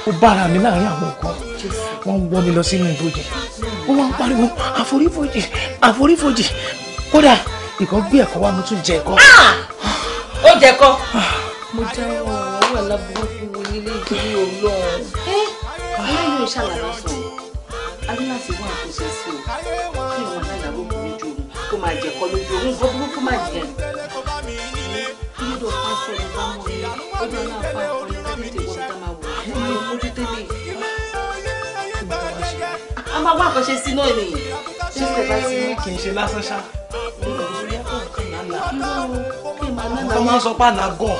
ó bára mi láàrin àwọn nǹkan wọ́n ń wọ́ mi lọ sínú ibojì ó wá ń pariwo àforífojì àforífojì kódà ìkan gbé ẹ̀kọ́ wa mo tún jẹ ẹ̀kọ́. Ah! ó jẹ ẹ̀kọ́. mo já ọ ọwọ́ aláburúkú wo nílé ìdílé olóhùn. Eh, ẹ ọ̀rẹ́ yóò ṣàlàyé sọ aláṣẹ wà kó ṣe sí o kí ìwọ̀n aláwọ̀ kò lójú omi kó máa jẹ ẹ̀kọ́ lójú omi nǹkan burúkú máa jẹ. kí ló dọ̀ pásọ̀ ló bá mọ̀ ní pa ọ̀rẹ́ tẹ́lẹ̀ tẹ́lẹ̀ wọ́n dá máa wọ̀ ọ́ máa wá àkànṣe sí náà ni ṣé kì í ṣe lásán ṣá wọ́n máa ń sọ pààlà gọ̀.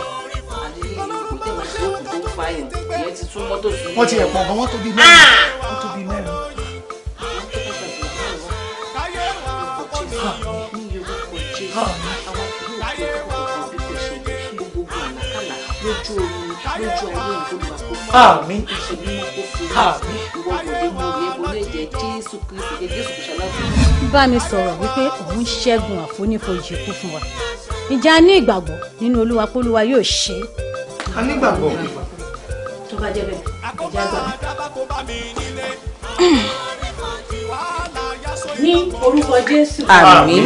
wọ́n ti ẹ̀ pọ̀ gan wọ́n tóbi mẹ́rin ah! wọ́n tóbi mẹ́rin. Ah! Ah! Àmín. Àmín jésù kristi bá mi sọ̀rọ̀ wípé òun ṣẹ́gun àfonífojì ikú fún wa ìjà ní ìgbàgbọ́ nínú olúwa yóò ṣe é. a ní ìgbàgbọ́. tó bá jẹ́ bẹ́ẹ̀ ìjà gbà. ní orúkọ jésù. àmín.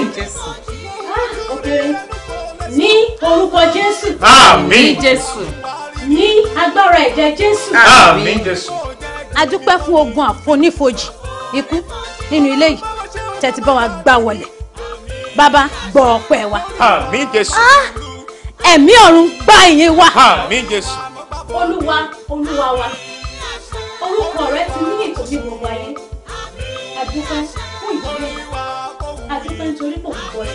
ní orúkọ jésù. àmín. ní jésù ní agbára ẹ̀jẹ̀ jésù. àmín jésù. a dúpẹ́ fún ogun àfonífojì ikú nínú ilé yìí tẹ́tí bá wa gbá wọlé bàbá gbọ́ ọpẹ́ wa. àmín jésù. Ah, ẹ̀mí ọ̀run gbá ìyìn wa. àmín jésù. olúwa olúwa wa orúkọ rẹ ti ní ètò bí gbogbo ayé àdúpẹ́ fún ìdílé àdúpẹ́ nítorí kò gbọ́ ẹ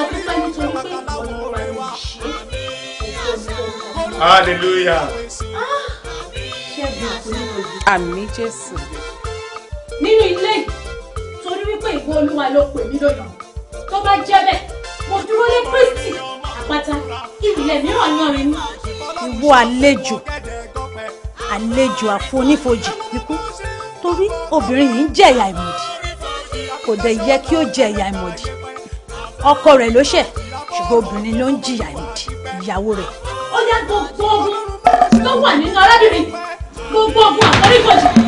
àdúpẹ́ nítorí pé ìwọ ni wọn máa ń ṣe òkú omi orúkọ. hallelujah. Ah, ṣẹ́gun àmín jésù nínú ilé yìí torí wípé ìwọ olúwa ló pè mí lóyàn tó bá jẹ́ bẹ́ẹ̀ mo dúró lé Kristi àpáta ìrìlẹ̀ mìíràn yan rin mi. ìwọ àlejò àlejò àfonífojì ikú torí obìnrin yìí ń jẹ̀yà ìmọ̀dì kò dẹ̀ yẹ kí ó jẹ̀yà ìmọ̀dì ọkọ rẹ̀ ló ṣẹ̀ ṣùgbọ́n obìnrin ló ń jìyà ìmọ̀dì ìyàwó rẹ̀. ó yá gbogbo ogun tó wà nínú arábìnrin gbogbo ogun àfonífojì.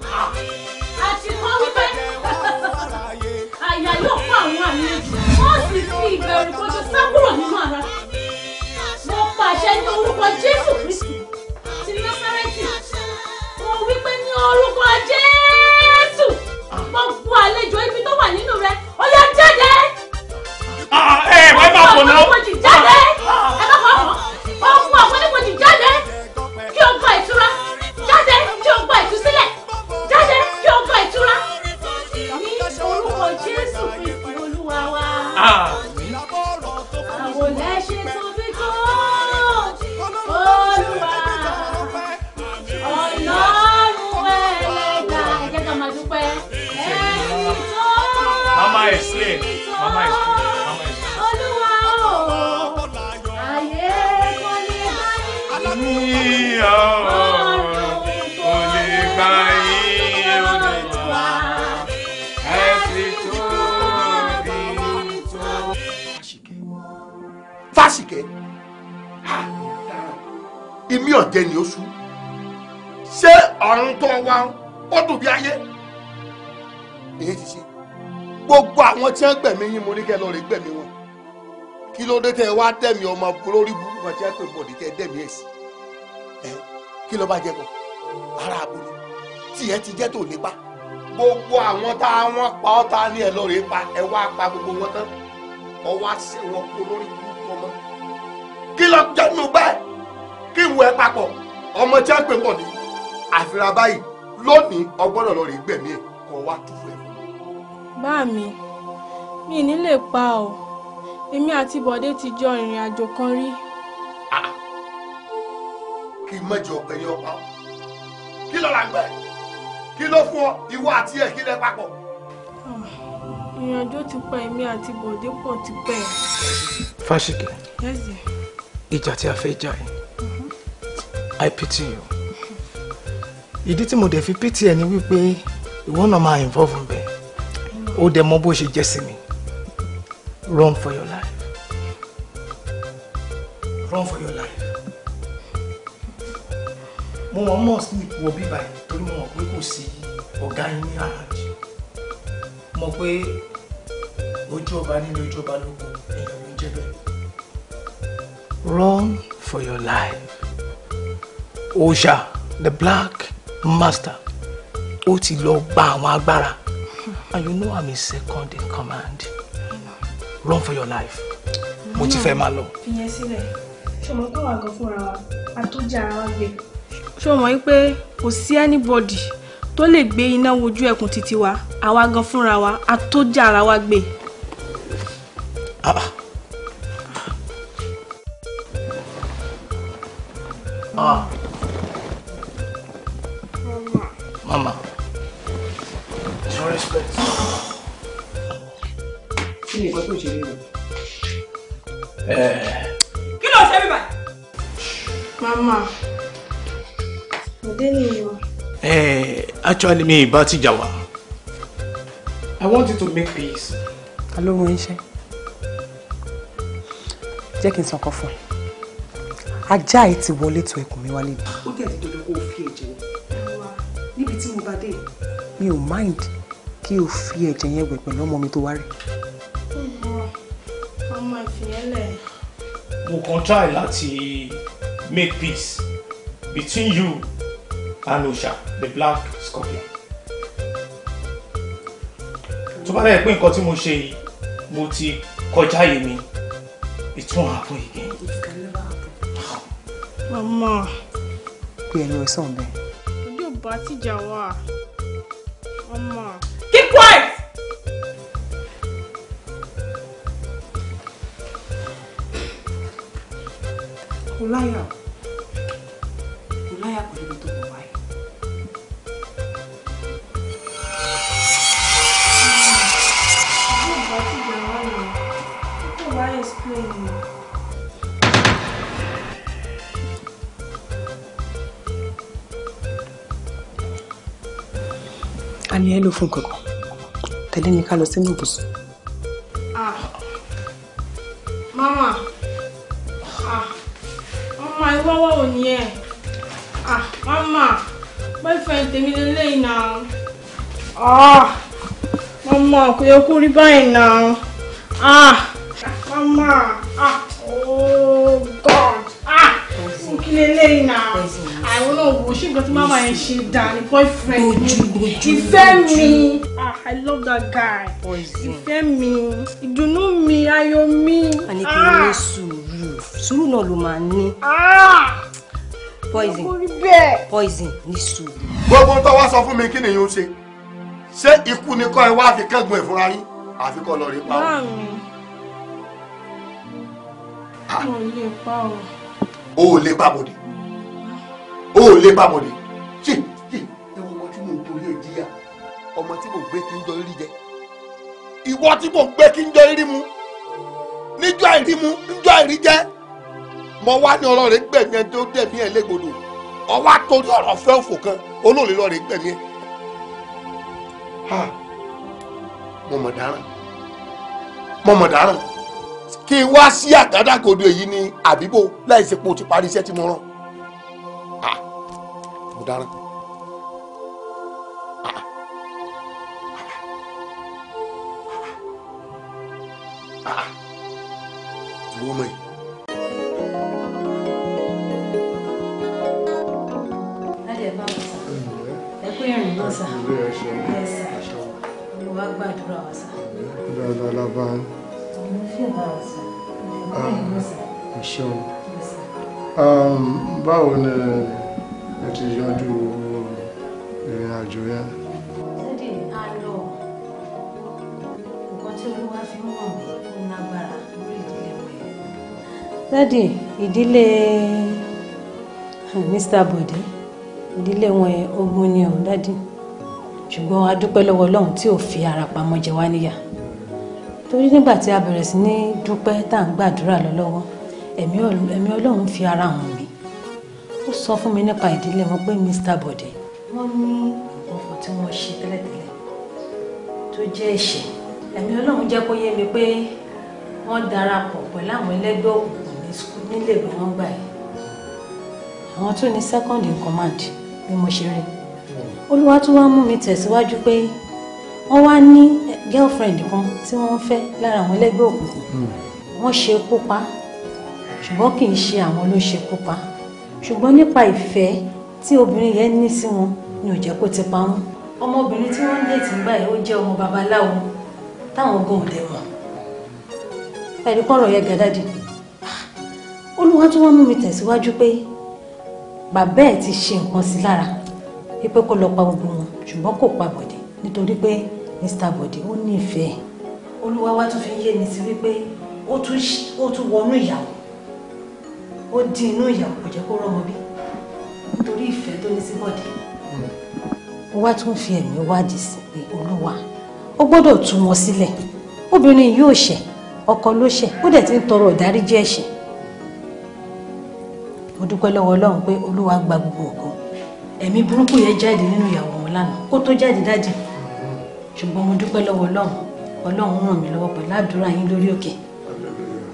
bẹ̀rù kó ti sá kúrò nínú ara mo pàṣẹ ní orúkọ Jésù Kristi ti Násárẹ́tì mo wí pé ní orúkọ ajé. explain mama explain mama explain. olúwa o ayé kò lè bá yín. ọ̀rọ̀ kò lè bá yín tó. fásikẹ́ imí ọ̀jẹ̀ ni ó sú ṣé ọ̀run tó wá ó dùn bí ayé èyí ti ṣe gbogbo àwọn tí wọ́n gbẹ̀mí yín mo ní kẹ́ lọ rí gbẹ̀mí wọn kí ló dé tẹ wá dẹ̀mí ọmọ olórí burúkú kan tí wọ́n pè bọ̀dé tẹ dẹ̀mí ẹ̀ sí ẹ kí ló bá jẹ bọ̀ ara àbúrò tìyẹ ti jẹ́ tó nípa gbogbo àwọn tá a wọ́n pa ọ́ tá a ní ẹ lọ rí pa ẹ wá pa gbogbo wọn tán ọ wá sí wọn kó lórí burúkú ọmọ kí ló jẹ́nu bẹ́ẹ̀ kí ìwọ ẹ papọ̀ ọmọ tí wọ́n pè bọ̀dé àfihàn báyìí lónìí ọgbọ́dọ̀ lọ rí gbẹ̀mí ẹ̀ kọ́ wá tó báàmí mi ì ní lè pa ọ èmi àti bọ̀dé ti jọ ìrìn àjò kan rí. Ah, ah. kí n mọ̀jọ ọ̀pẹ ni ọ̀pá kí ló la gbẹ kí ló fún ọ ìwọ àti ẹ kí lẹ papọ̀. Ah, ìrìn àjò ti pa èmi àti bọ̀dé pọ̀ ti pẹ́. fásitì ìjà tí a fẹ́ jà yìí i pity you ìdí tí mo dẹ̀ fi pity ẹ ni wípé ìwọ náà máa involve ń ó dẹ̀ mọ̀ bó ṣe jẹ́ sí mi run for your life run for your life mo mọ̀ mọ̀ sí ipò òbí báyìí torí mo mọ̀ pé kò sí ọ̀gá yín ní àràjì mọ̀ pé ojú ọba nínú ojú ọba lóko èèyàn ló ń jẹ́ run for your life Oja the black master ó ti lọ gba àwọn agbára and you know I'm his second in command. Run for your life. Mo ti fẹ́ máa lọ. Fìyẹn sílẹ̀, ṣọmọ kó wà gan fúnra wa, àtúnjà ara wa gbé. Ṣọmọ yìí pé kò sí anybody tó lè gbé iná wojú ẹkùn títí wa, àwa gan fúnra wa, àtúnjà ara wa gbé. Ah. ah. ah. actually mi ìbá ti jà wá. I to make peace. Hello, wọn iṣẹ́. Jẹ́ kí n sọ ọkọ fún ẹ. Ajá ẹ ti wọlé tó ẹkùn mi wálé. Ó dẹ̀ ti dodo kó o fi ẹ̀jẹ̀ wọ. Níbi tí mo bá dé. Mi ò mind kí o fi ẹ̀jẹ̀ yẹn wẹ̀ pẹ̀lú ọmọ mi tó wá rẹ̀. Ọmọ ìfìyẹ́lẹ̀. Mo kàn try láti make peace between you Anusha the black scorpion tó bá dẹ̀ pé nǹkan tí mo ṣe yìí mo ti kọjá yìí mi it won't happen again. mama pé ẹni ò sàn bẹ́ẹ̀. ojú ò bá tìjà wá mama. keep quiet. kò láyà. a ní ẹ lò fún kankan tẹ̀lé ni ká lọ sínú ibùsùn. Ah. mama ah. mama ìwọ́wọ́ ò ní ẹ̀ ah, mama boyfriend tèmi lélẹ́yìn náà mama kò yẹ kó rí báyìí náà. nǹkan tí mama yẹn she dá ni boyfriend He ìfẹ́ me. ah i love that guy ìfẹ́ mi ìdùnnú mi ayọ̀ mi. a ní kí n Ah. sùúrù sùúrù náà ló máa ní ah. poison poison ní sùúrù. gbogbo tó wá sọ fún mi kí ni yóò ṣe ṣé ikú ni kọ́ ẹ wá fi kẹ́gun ẹ̀ fúnra a àfi kọ́ lọ rí pa ó. Ah. o ò lè pa bòde o ò lè pamọ́ ni. ṣe ṣe ìwọ ọmọ tí mò ń torí ẹ jíyà ọmọ tí mò ń gbé kí n jọ rí jẹ ìwọ tí mò ń gbé kí n jọ rí mu níjọ àìrí mu níjọ àìrí jẹ mo wá ní ọlọ́rẹ̀ gbẹ̀mí ẹ tó dẹ̀mí ẹ légbodò ọwọ́ àtòrí ọ̀rọ̀ fẹ́ òfò kan olóòlè lọ́ọ̀rẹ̀ gbẹ̀mí ẹ. mo mọ̀ dáràn mo mọ̀ dáràn kí n wá sí àgádágodo èyí ní àbíbò láì ṣe pé ti parí iṣẹ́ tí mo rán kò dára. ìwọ ọmọ yìí. ẹ kú ìrìn náà sá ẹ sá mo wá gbàdúrà báwo ni mo ti yọjú ìrìn àjò yẹn. dádì á lọ nǹkan tí olúwa fi ń wọ̀n mí ń lórí ìdílé wọn yẹn. ìdílé Mr. Bode ìdílé wọn yẹn ogun ni ọ̀ dádì ṣùgbọ́n a dúpẹ́ lọ́wọ́ Ọlọ́run tí ò fi ara pamọ́ jẹ wá níyà torí nígbà tí a bẹ̀rẹ̀ sí ní dúpẹ́ tá à ń gbàdúrà lọ lọ́wọ́ ẹ̀mí Ọlọ́run fi ara hàn mí ó sọ fún mi nípa ìdílé wọn pé Mr. Bode wọ́n ní ọ̀fọ̀ tí wọ́n ṣe tẹ́lẹ̀tẹ́lẹ̀ tó jẹ́ ẹ̀ṣẹ̀ ẹ̀mí Ọlọ́run jẹ́ kó yé mi pé wọ́n darapọ̀ pẹ̀lú àwọn ẹlẹ́gbẹ́ òkùnkùn ní skul nílé ìwé wọn gbà yìí àwọn tó ní second in command ni mo ṣe rí olúwa tó wá mú mi tẹ̀síwájú pé wọ́n wá ní girlfriend kan tí wọ́n ń fẹ́ lára àwọn ẹlẹ́gbẹ́ òkùnkùn wọ́n ṣe kópa ṣùgbọ́n kì í ṣe àwọn ló ṣe kópa ṣùgbọ́n nípa ìfẹ́ tí obìnrin yẹn ní sí wọn ni ò jẹ́ kó ti pa wọ́n ọmọbìnrin tí wọ́n ń dètì ńgbà yìí ó jẹ́ ọmọ babaláwo táwọn ogun ò dẹ̀wọ̀n ẹ̀rí kọ́rọ̀ yẹn gàdádì olúwa tí wọ́n mú mi tẹ̀síwájú pé bàbá ẹ̀ ti ṣe nǹkan sí lára wípé kó lọ pa gbogbo wọn ṣùgbọ́n kò pa bọ̀dé nítorí pé mr bọ̀dé ó nífẹ̀ẹ́ olúwa wa tún fi yé mi sí wípé ó tún wọnú ìyàwó ó dín inú ìyàwó kò jẹ́ kó rọ́mọ bí nítorí ìfẹ́ tó ní sí bọ̀dé. ó wá tún fi ẹ̀mí wádìí sí pé olúwa ó gbọ́dọ̀ tú wọn sílẹ̀ obìnrin yóò ṣẹ̀ ọkọ ló ṣẹ̀ ó dẹ̀ ti ń tọrọ ìdáríjì ẹ̀ṣẹ̀ mo dúpẹ́ lọ́wọ́ ọlọ́run pé olúwa gba gbogbo ògo ẹ̀mí burúkú yẹn jáde nínú ìyàwó wọn lánàá kó tó jáde dájì ṣùgbọ́n mo dúpẹ́ lọ́wọ́ ọlọ́run ọlọ́run ràn mí lọ́wọ́ pẹ̀lú àdúrà yín lórí òkè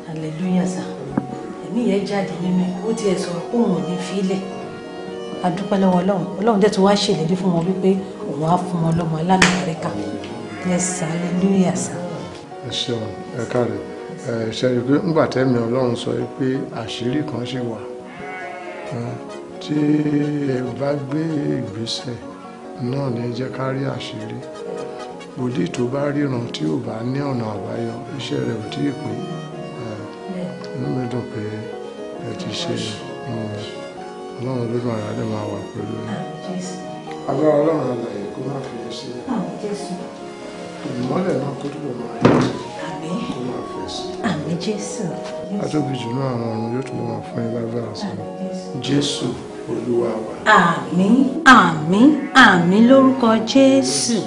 hallelujah sir ẹ̀mí yẹn jáde nínú ẹ̀ ó tiẹ̀ sọ̀rọ̀ pé òun ò ní fílẹ̀ a dúpẹ́ lọ́wọ́ ọlọ́run ọlọ́run dẹ̀ tó wá ṣèlérí fún wọn wípé òun á fún wọn lọ́mọ alámìlẹ́ríkà yes hallelujah sir. ẹ ṣeun ẹ káre ẹ ṣẹ́yìn pé ńgbà tẹ́mi ọlọ́run sọ pé àṣírí kan ṣì wà tí ẹ bá gbé ìgbésẹ̀ náà ní jẹ́ ká rí àṣírí òdì tó bá ríran tí ò bá ní ọ̀nà àbáyọ iṣẹ́ rẹ̀ ò tí ì pé inú mi dùn pé ẹ ti ṣe ọlọ́run olódùn ara lè máa wà pẹ̀lú yín agbára ọlọ́run àlàyé kó má fi ẹ sílẹ̀ ìmọ́lẹ̀ náà kó túbọ̀ máa yẹ kó má fi ẹ sílẹ̀ atóbi jù náà àwọn ọ̀run yóò túbọ̀ máa fún yín lágbára sí i jésù olúwa wa. àmín àmín àmín lórúkọ jésù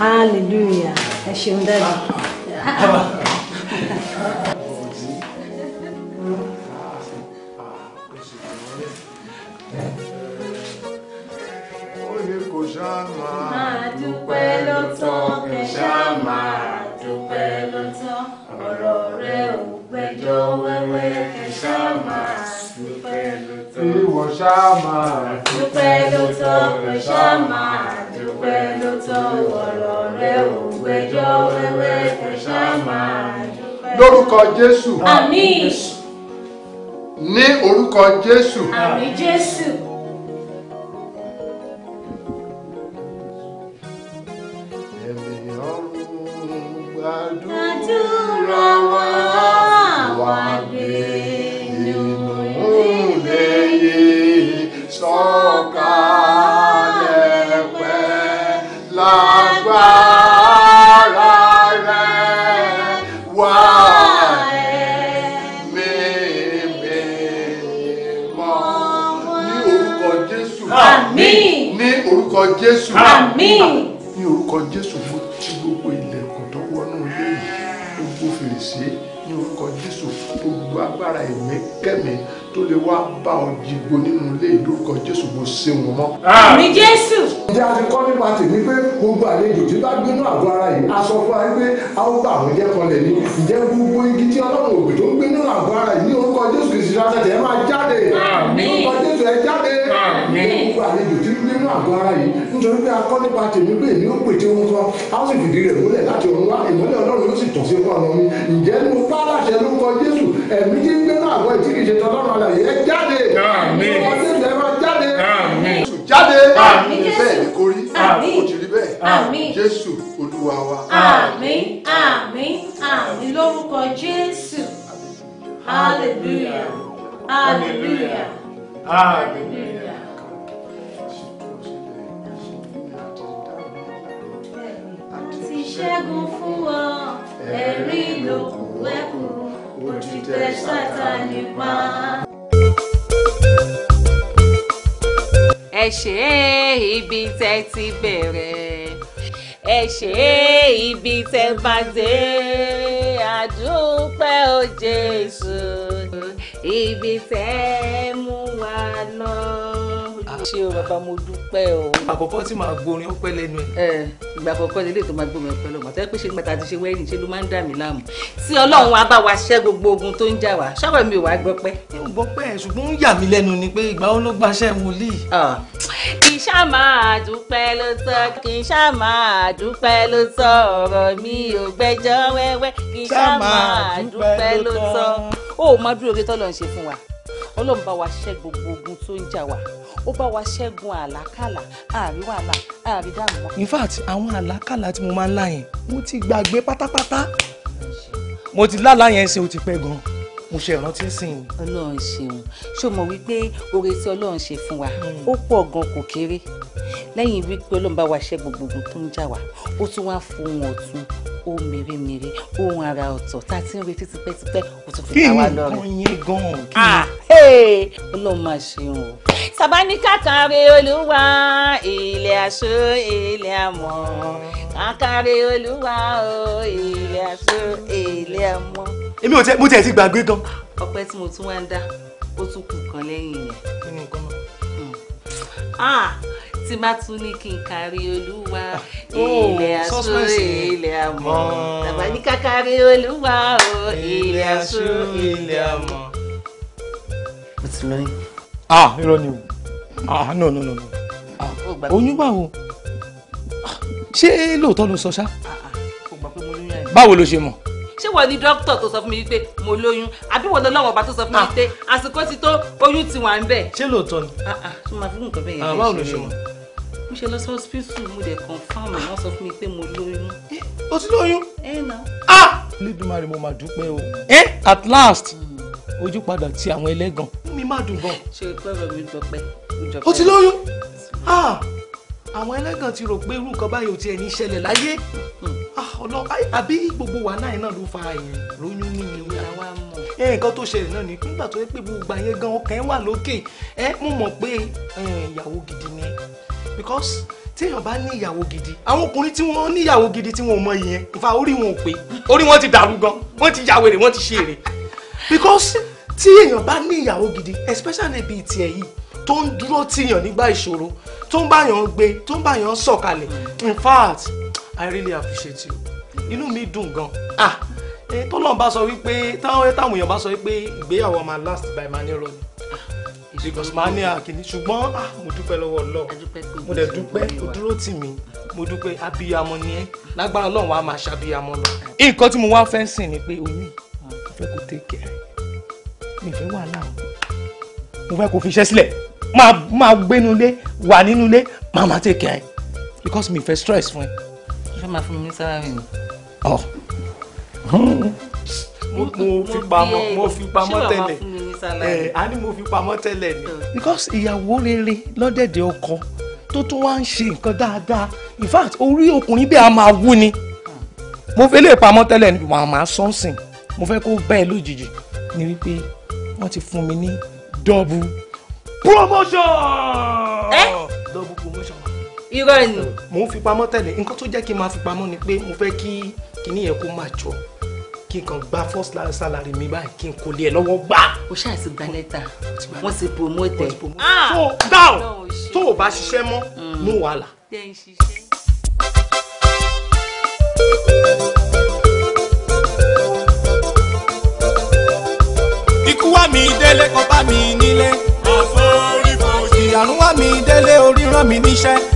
hallelujah ẹ ṣeun dájú. ṣá máa dúpẹ́ lóòótọ́ ẹ ṣá máa dúpẹ́ lóòótọ́ ọ̀rọ̀ rẹ ò gbẹjọ́ wẹ́wẹ́ ẹ ṣá máa dúpẹ́. lórúkọ jésù. àmín. ní orúkọ jésù. àmín jésù. ẹ̀mí ọ̀run gbàdúrà. orúkọ Jésù. Ní orúkọ Jésù mo ti gbogbo ilẹ̀kùn tó wọnú ilé yìí, gbogbo fèrèsé ní orúkọ Jésù gbogbo agbára ẹ̀mí kẹ́mi tó lè wá bá ọ jìgbó nínú ilé ìdórúkọ Jésù mo ṣe wọn mọ́. Àmín Jésù. Ǹjẹ́ a ti kọ́ nípa tèmi pé gbogbo àlejò tí bá gbénú àgọ́ ara yìí a fún wa pé a ó bá àwọn jẹ́ kanlẹ̀ ni ǹjẹ́ gbogbo igi tí Ọlọ́run òbí tó ń gbénú àgọ́ ara yìí ní orúkọ Jésù kìí ṣe nínú àlejò tí nínú àgọ́ ara yìí nítorí pé akọ́ nípa tèmi pé èmi ó pè tí ó ń sọ a ó sì fìdí rẹ̀ múlẹ̀ láti ọ̀run wá ìmọ́lẹ̀ ọlọ́run yóò sì tàn sí ọ̀nà mi ǹjẹ́ mo bá láṣẹ ló kọ Jésù ẹ̀mí tí ń gbé náà àgọ́ ìtí kìí ṣe tọ́lọ́run alàyè ẹ jáde jáde bẹ́ẹ̀ ni kò rí kò ti rí bẹ́ẹ̀ Jésù Olúwa wa. àmín àmín àmín lórúkọ Jésù hallelujah hallelujah hallelujah. ṣẹ́gun fún ọ ẹ̀rí lòkù ẹ̀kú ó ti tẹ̀ Sátánì pa. ẹ ṣe é ibi tẹ́ ti bẹ̀rẹ̀ ẹ ṣe é ibi tẹ́ bá dé àdúpẹ́ o Jésù ibi tẹ́ mú wa lọ ṣé o bàbá mo dúpẹ́ o. àkọ́kọ́ tí màá gborin ọpẹ́ lẹ́nu ẹ̀. ẹ ìgbà àkọ́kọ́ ni ilé tó máa gbóhùn ọpẹ́ lọ́gbọ̀n tẹ́lẹ̀ pé ṣe gbàtà àti ṣe wẹ́ẹ̀nì ṣe ló máa ń dà mí láàmú. tí ọlọ́run wa bá wa ṣẹ́ gbogbo ogun tó ń jà wá ṣọ́rọ̀ mi ò wá gbọ́pẹ́. mo gbọ́pẹ́ ṣùgbọ́n ó yà mí lẹ́nu ni pé ìgbà ó ló gbaṣẹ́ wòlíì. kì í ṣáà máa dúpẹ́ ló sọ kì í ló sọ ọ̀rọ̀ mi ò gbẹ́jọ́ wẹ́wẹ́ kì í ṣáà máa dúpẹ́ ló sọ ọlọ́run bá wa ṣẹ́ gbogbo tó ń jà wá ó bá wa ṣẹ́gun àlákàlà àárín wàhálà àárín dààmú. in fact àwọn àlákàlà tí mo máa ń lá yẹn mo ti gbàgbé pátápátá mo ti lálàá yẹn ṣe ó ti pẹ́ gan-an mo ṣe ìrántí sí i. ṣeun ṣó mọ̀ wípé oore tí ọlọ́run ṣe fún wa hmm. ó pọ̀ gan kò kéré lẹ́yìn wípé ọlọ́run bá wa ṣẹ́ gbogbo tó ń jà wá ó tún wá fún ohun ó mèremère ohun ara ọ̀tọ̀ tá a ti ń retí tipẹ́tipẹ́ ó tún fi ká wa lọ́rùn. kí ni kò yín gan-an kí ah, máa ṣeun o. sabanikakare olúwa ilẹ̀ aṣọ ilẹ̀ amọ̀ kakare olúwa o aṣọ ilẹ̀ amọ̀ èmi ò tẹ mo tẹ ti gbàgbé gan. ọpẹ́ tí mo tún wá ń dá ó tún kù kan lẹ́yìn yẹn. kí ni nǹkan náà. Hmm. Ah, tí má tún ní kí n kárí olúwa ah, ilẹ̀ oh, asúré ilẹ̀ amọ̀ bàbá oh. ní kákárí olúwa o oh, ilẹ̀ asúré ilẹ̀ amọ̀. mo ti lóyún. ah irọ́ ni o ah no no no no ah, oyún báwo ṣé lóòótọ́ ló sọ ṣá báwo ló ṣe mọ̀ ṣé wọ́n ní dókítà tó sọ fún mi wípé mo lóyún àbí wọ́n lọ́wọ́ ọba tó sọ fún mi wípé ah. àsìkò ti tó oyún ti wà ń bẹ̀. ṣé lóòótọ́ ni. tó ah, ah, máa fi nǹkan bẹ́ẹ̀ yẹn lè ṣe mo ṣe lọ sí hospital mo dẹ̀ confam wọ́n sọ fún mi pé mo lóyún. Eh, o ti lóyún. ẹ na. ah Elédùmarè mo máa dúpẹ́ o. ẹ eh? at last hmm. ojú padà ti àwọn ẹlẹ́gàn. mi máa dùn gan. ṣe pẹ́rọ mi dọ̀pẹ́. o ti lóyún. ah àwọn ẹlẹ́gàn ti rò pé irú nǹkan báyìí ò tiẹ̀ ní ṣẹlẹ̀ láyé. Hmm, hmm. Ah, ọlọ́ka àbí gbogbo wa náà náà ló fa ẹ̀yìn lóyún ní ìlú ara wa mọ̀. ẹ nǹkan tó ṣẹlẹ̀ náà ni nígbà tó yẹ pé gbogbo àyè gan ọkàn wà lókè ẹ mo mọ̀ pé ìyàwó gidi ni because téèyàn bá ní ìyàwó gidi àwọn ọkùnrin tí wọ́n ní ìyàwó gidi tí wọ́n mọ ìyẹn ìfà orí wọn ò pé orí wọn ti dàrú gan wọ́n ti ya wèrè wọ́n ti ṣe èrè because tí èèyàn bá ní ìyàwó gidi especially bíi tiẹ̀ yìí tó ń dúró tìyàn nígbà ìṣòro tó ń báyàn gbé tó ń báyàn sọ̀kalẹ̀ in fact I really appreciate you inú mi dùn gan ah eh, tọ́lọ́n bá sọ wípé táwọn táwọn èèyàn bá sọ wípé ìgbéyàwó máa last by my nero because màá ní àkìní ṣùgbọ́n ah, mo dúpẹ́ lọ́wọ́ Ọlọ́run mo dẹ̀ dúpẹ́ o dúró tì mí mo dúpẹ́ abiyamọ ni ẹ́ lágbára Ọlọ́run wa máa ṣàbíyamọ lọ. nǹkan tí mo wá fẹ́ sìn ni pé omi mo fẹ́ kó take care mi fẹ́ wàhálà o mo fẹ́ kó fi iṣẹ́ sílẹ̀ máa gbénulé wà nínú ilé máa máa take care because mi fẹ́ stress fún ẹ máa fún mi ní sálárì oh. mi. mo fi pamọ́ mo fi pamọ́ tẹ́lẹ̀ ẹ̀ á eh, ní mo fi pamọ́ tẹ́lẹ̀ ni. Oh. because ìyàwó rere lọ́dẹ̀dẹ̀ ọkọ tó tún wá ń ṣe nǹkan dáadáa in fact orí ọkùnrin bẹ́ẹ̀ a máa wú ni mo fẹ́ lè pamọ́ tẹ́lẹ̀ ni màmá sọ́nsìn mo fẹ́ kó bẹ́ẹ̀ lójijì ni wípé wọ́n ti fún mi ní double promotion. Eh? double promotion irọ́ ni. mò ń fi pamọ́ tẹ́lẹ̀ nǹkan tó jẹ́ kí n máa fi ni pé mo fẹ́ kí kinní yẹn kó máa jọ kí n kàn gba first salary mi báyìí kí n kò lé ẹ lọ́wọ́ gbà. o ṣáà ti gba lẹ́tà wọ́n ti promote ẹ̀. Ah! so down tó o bá ṣiṣẹ́ mọ́ mú mm. wàhálà. ikú wá mi délé kọ́ bá mi nílé. àforífojì. ìyàrá wá mi délé orí rán mi níṣẹ́.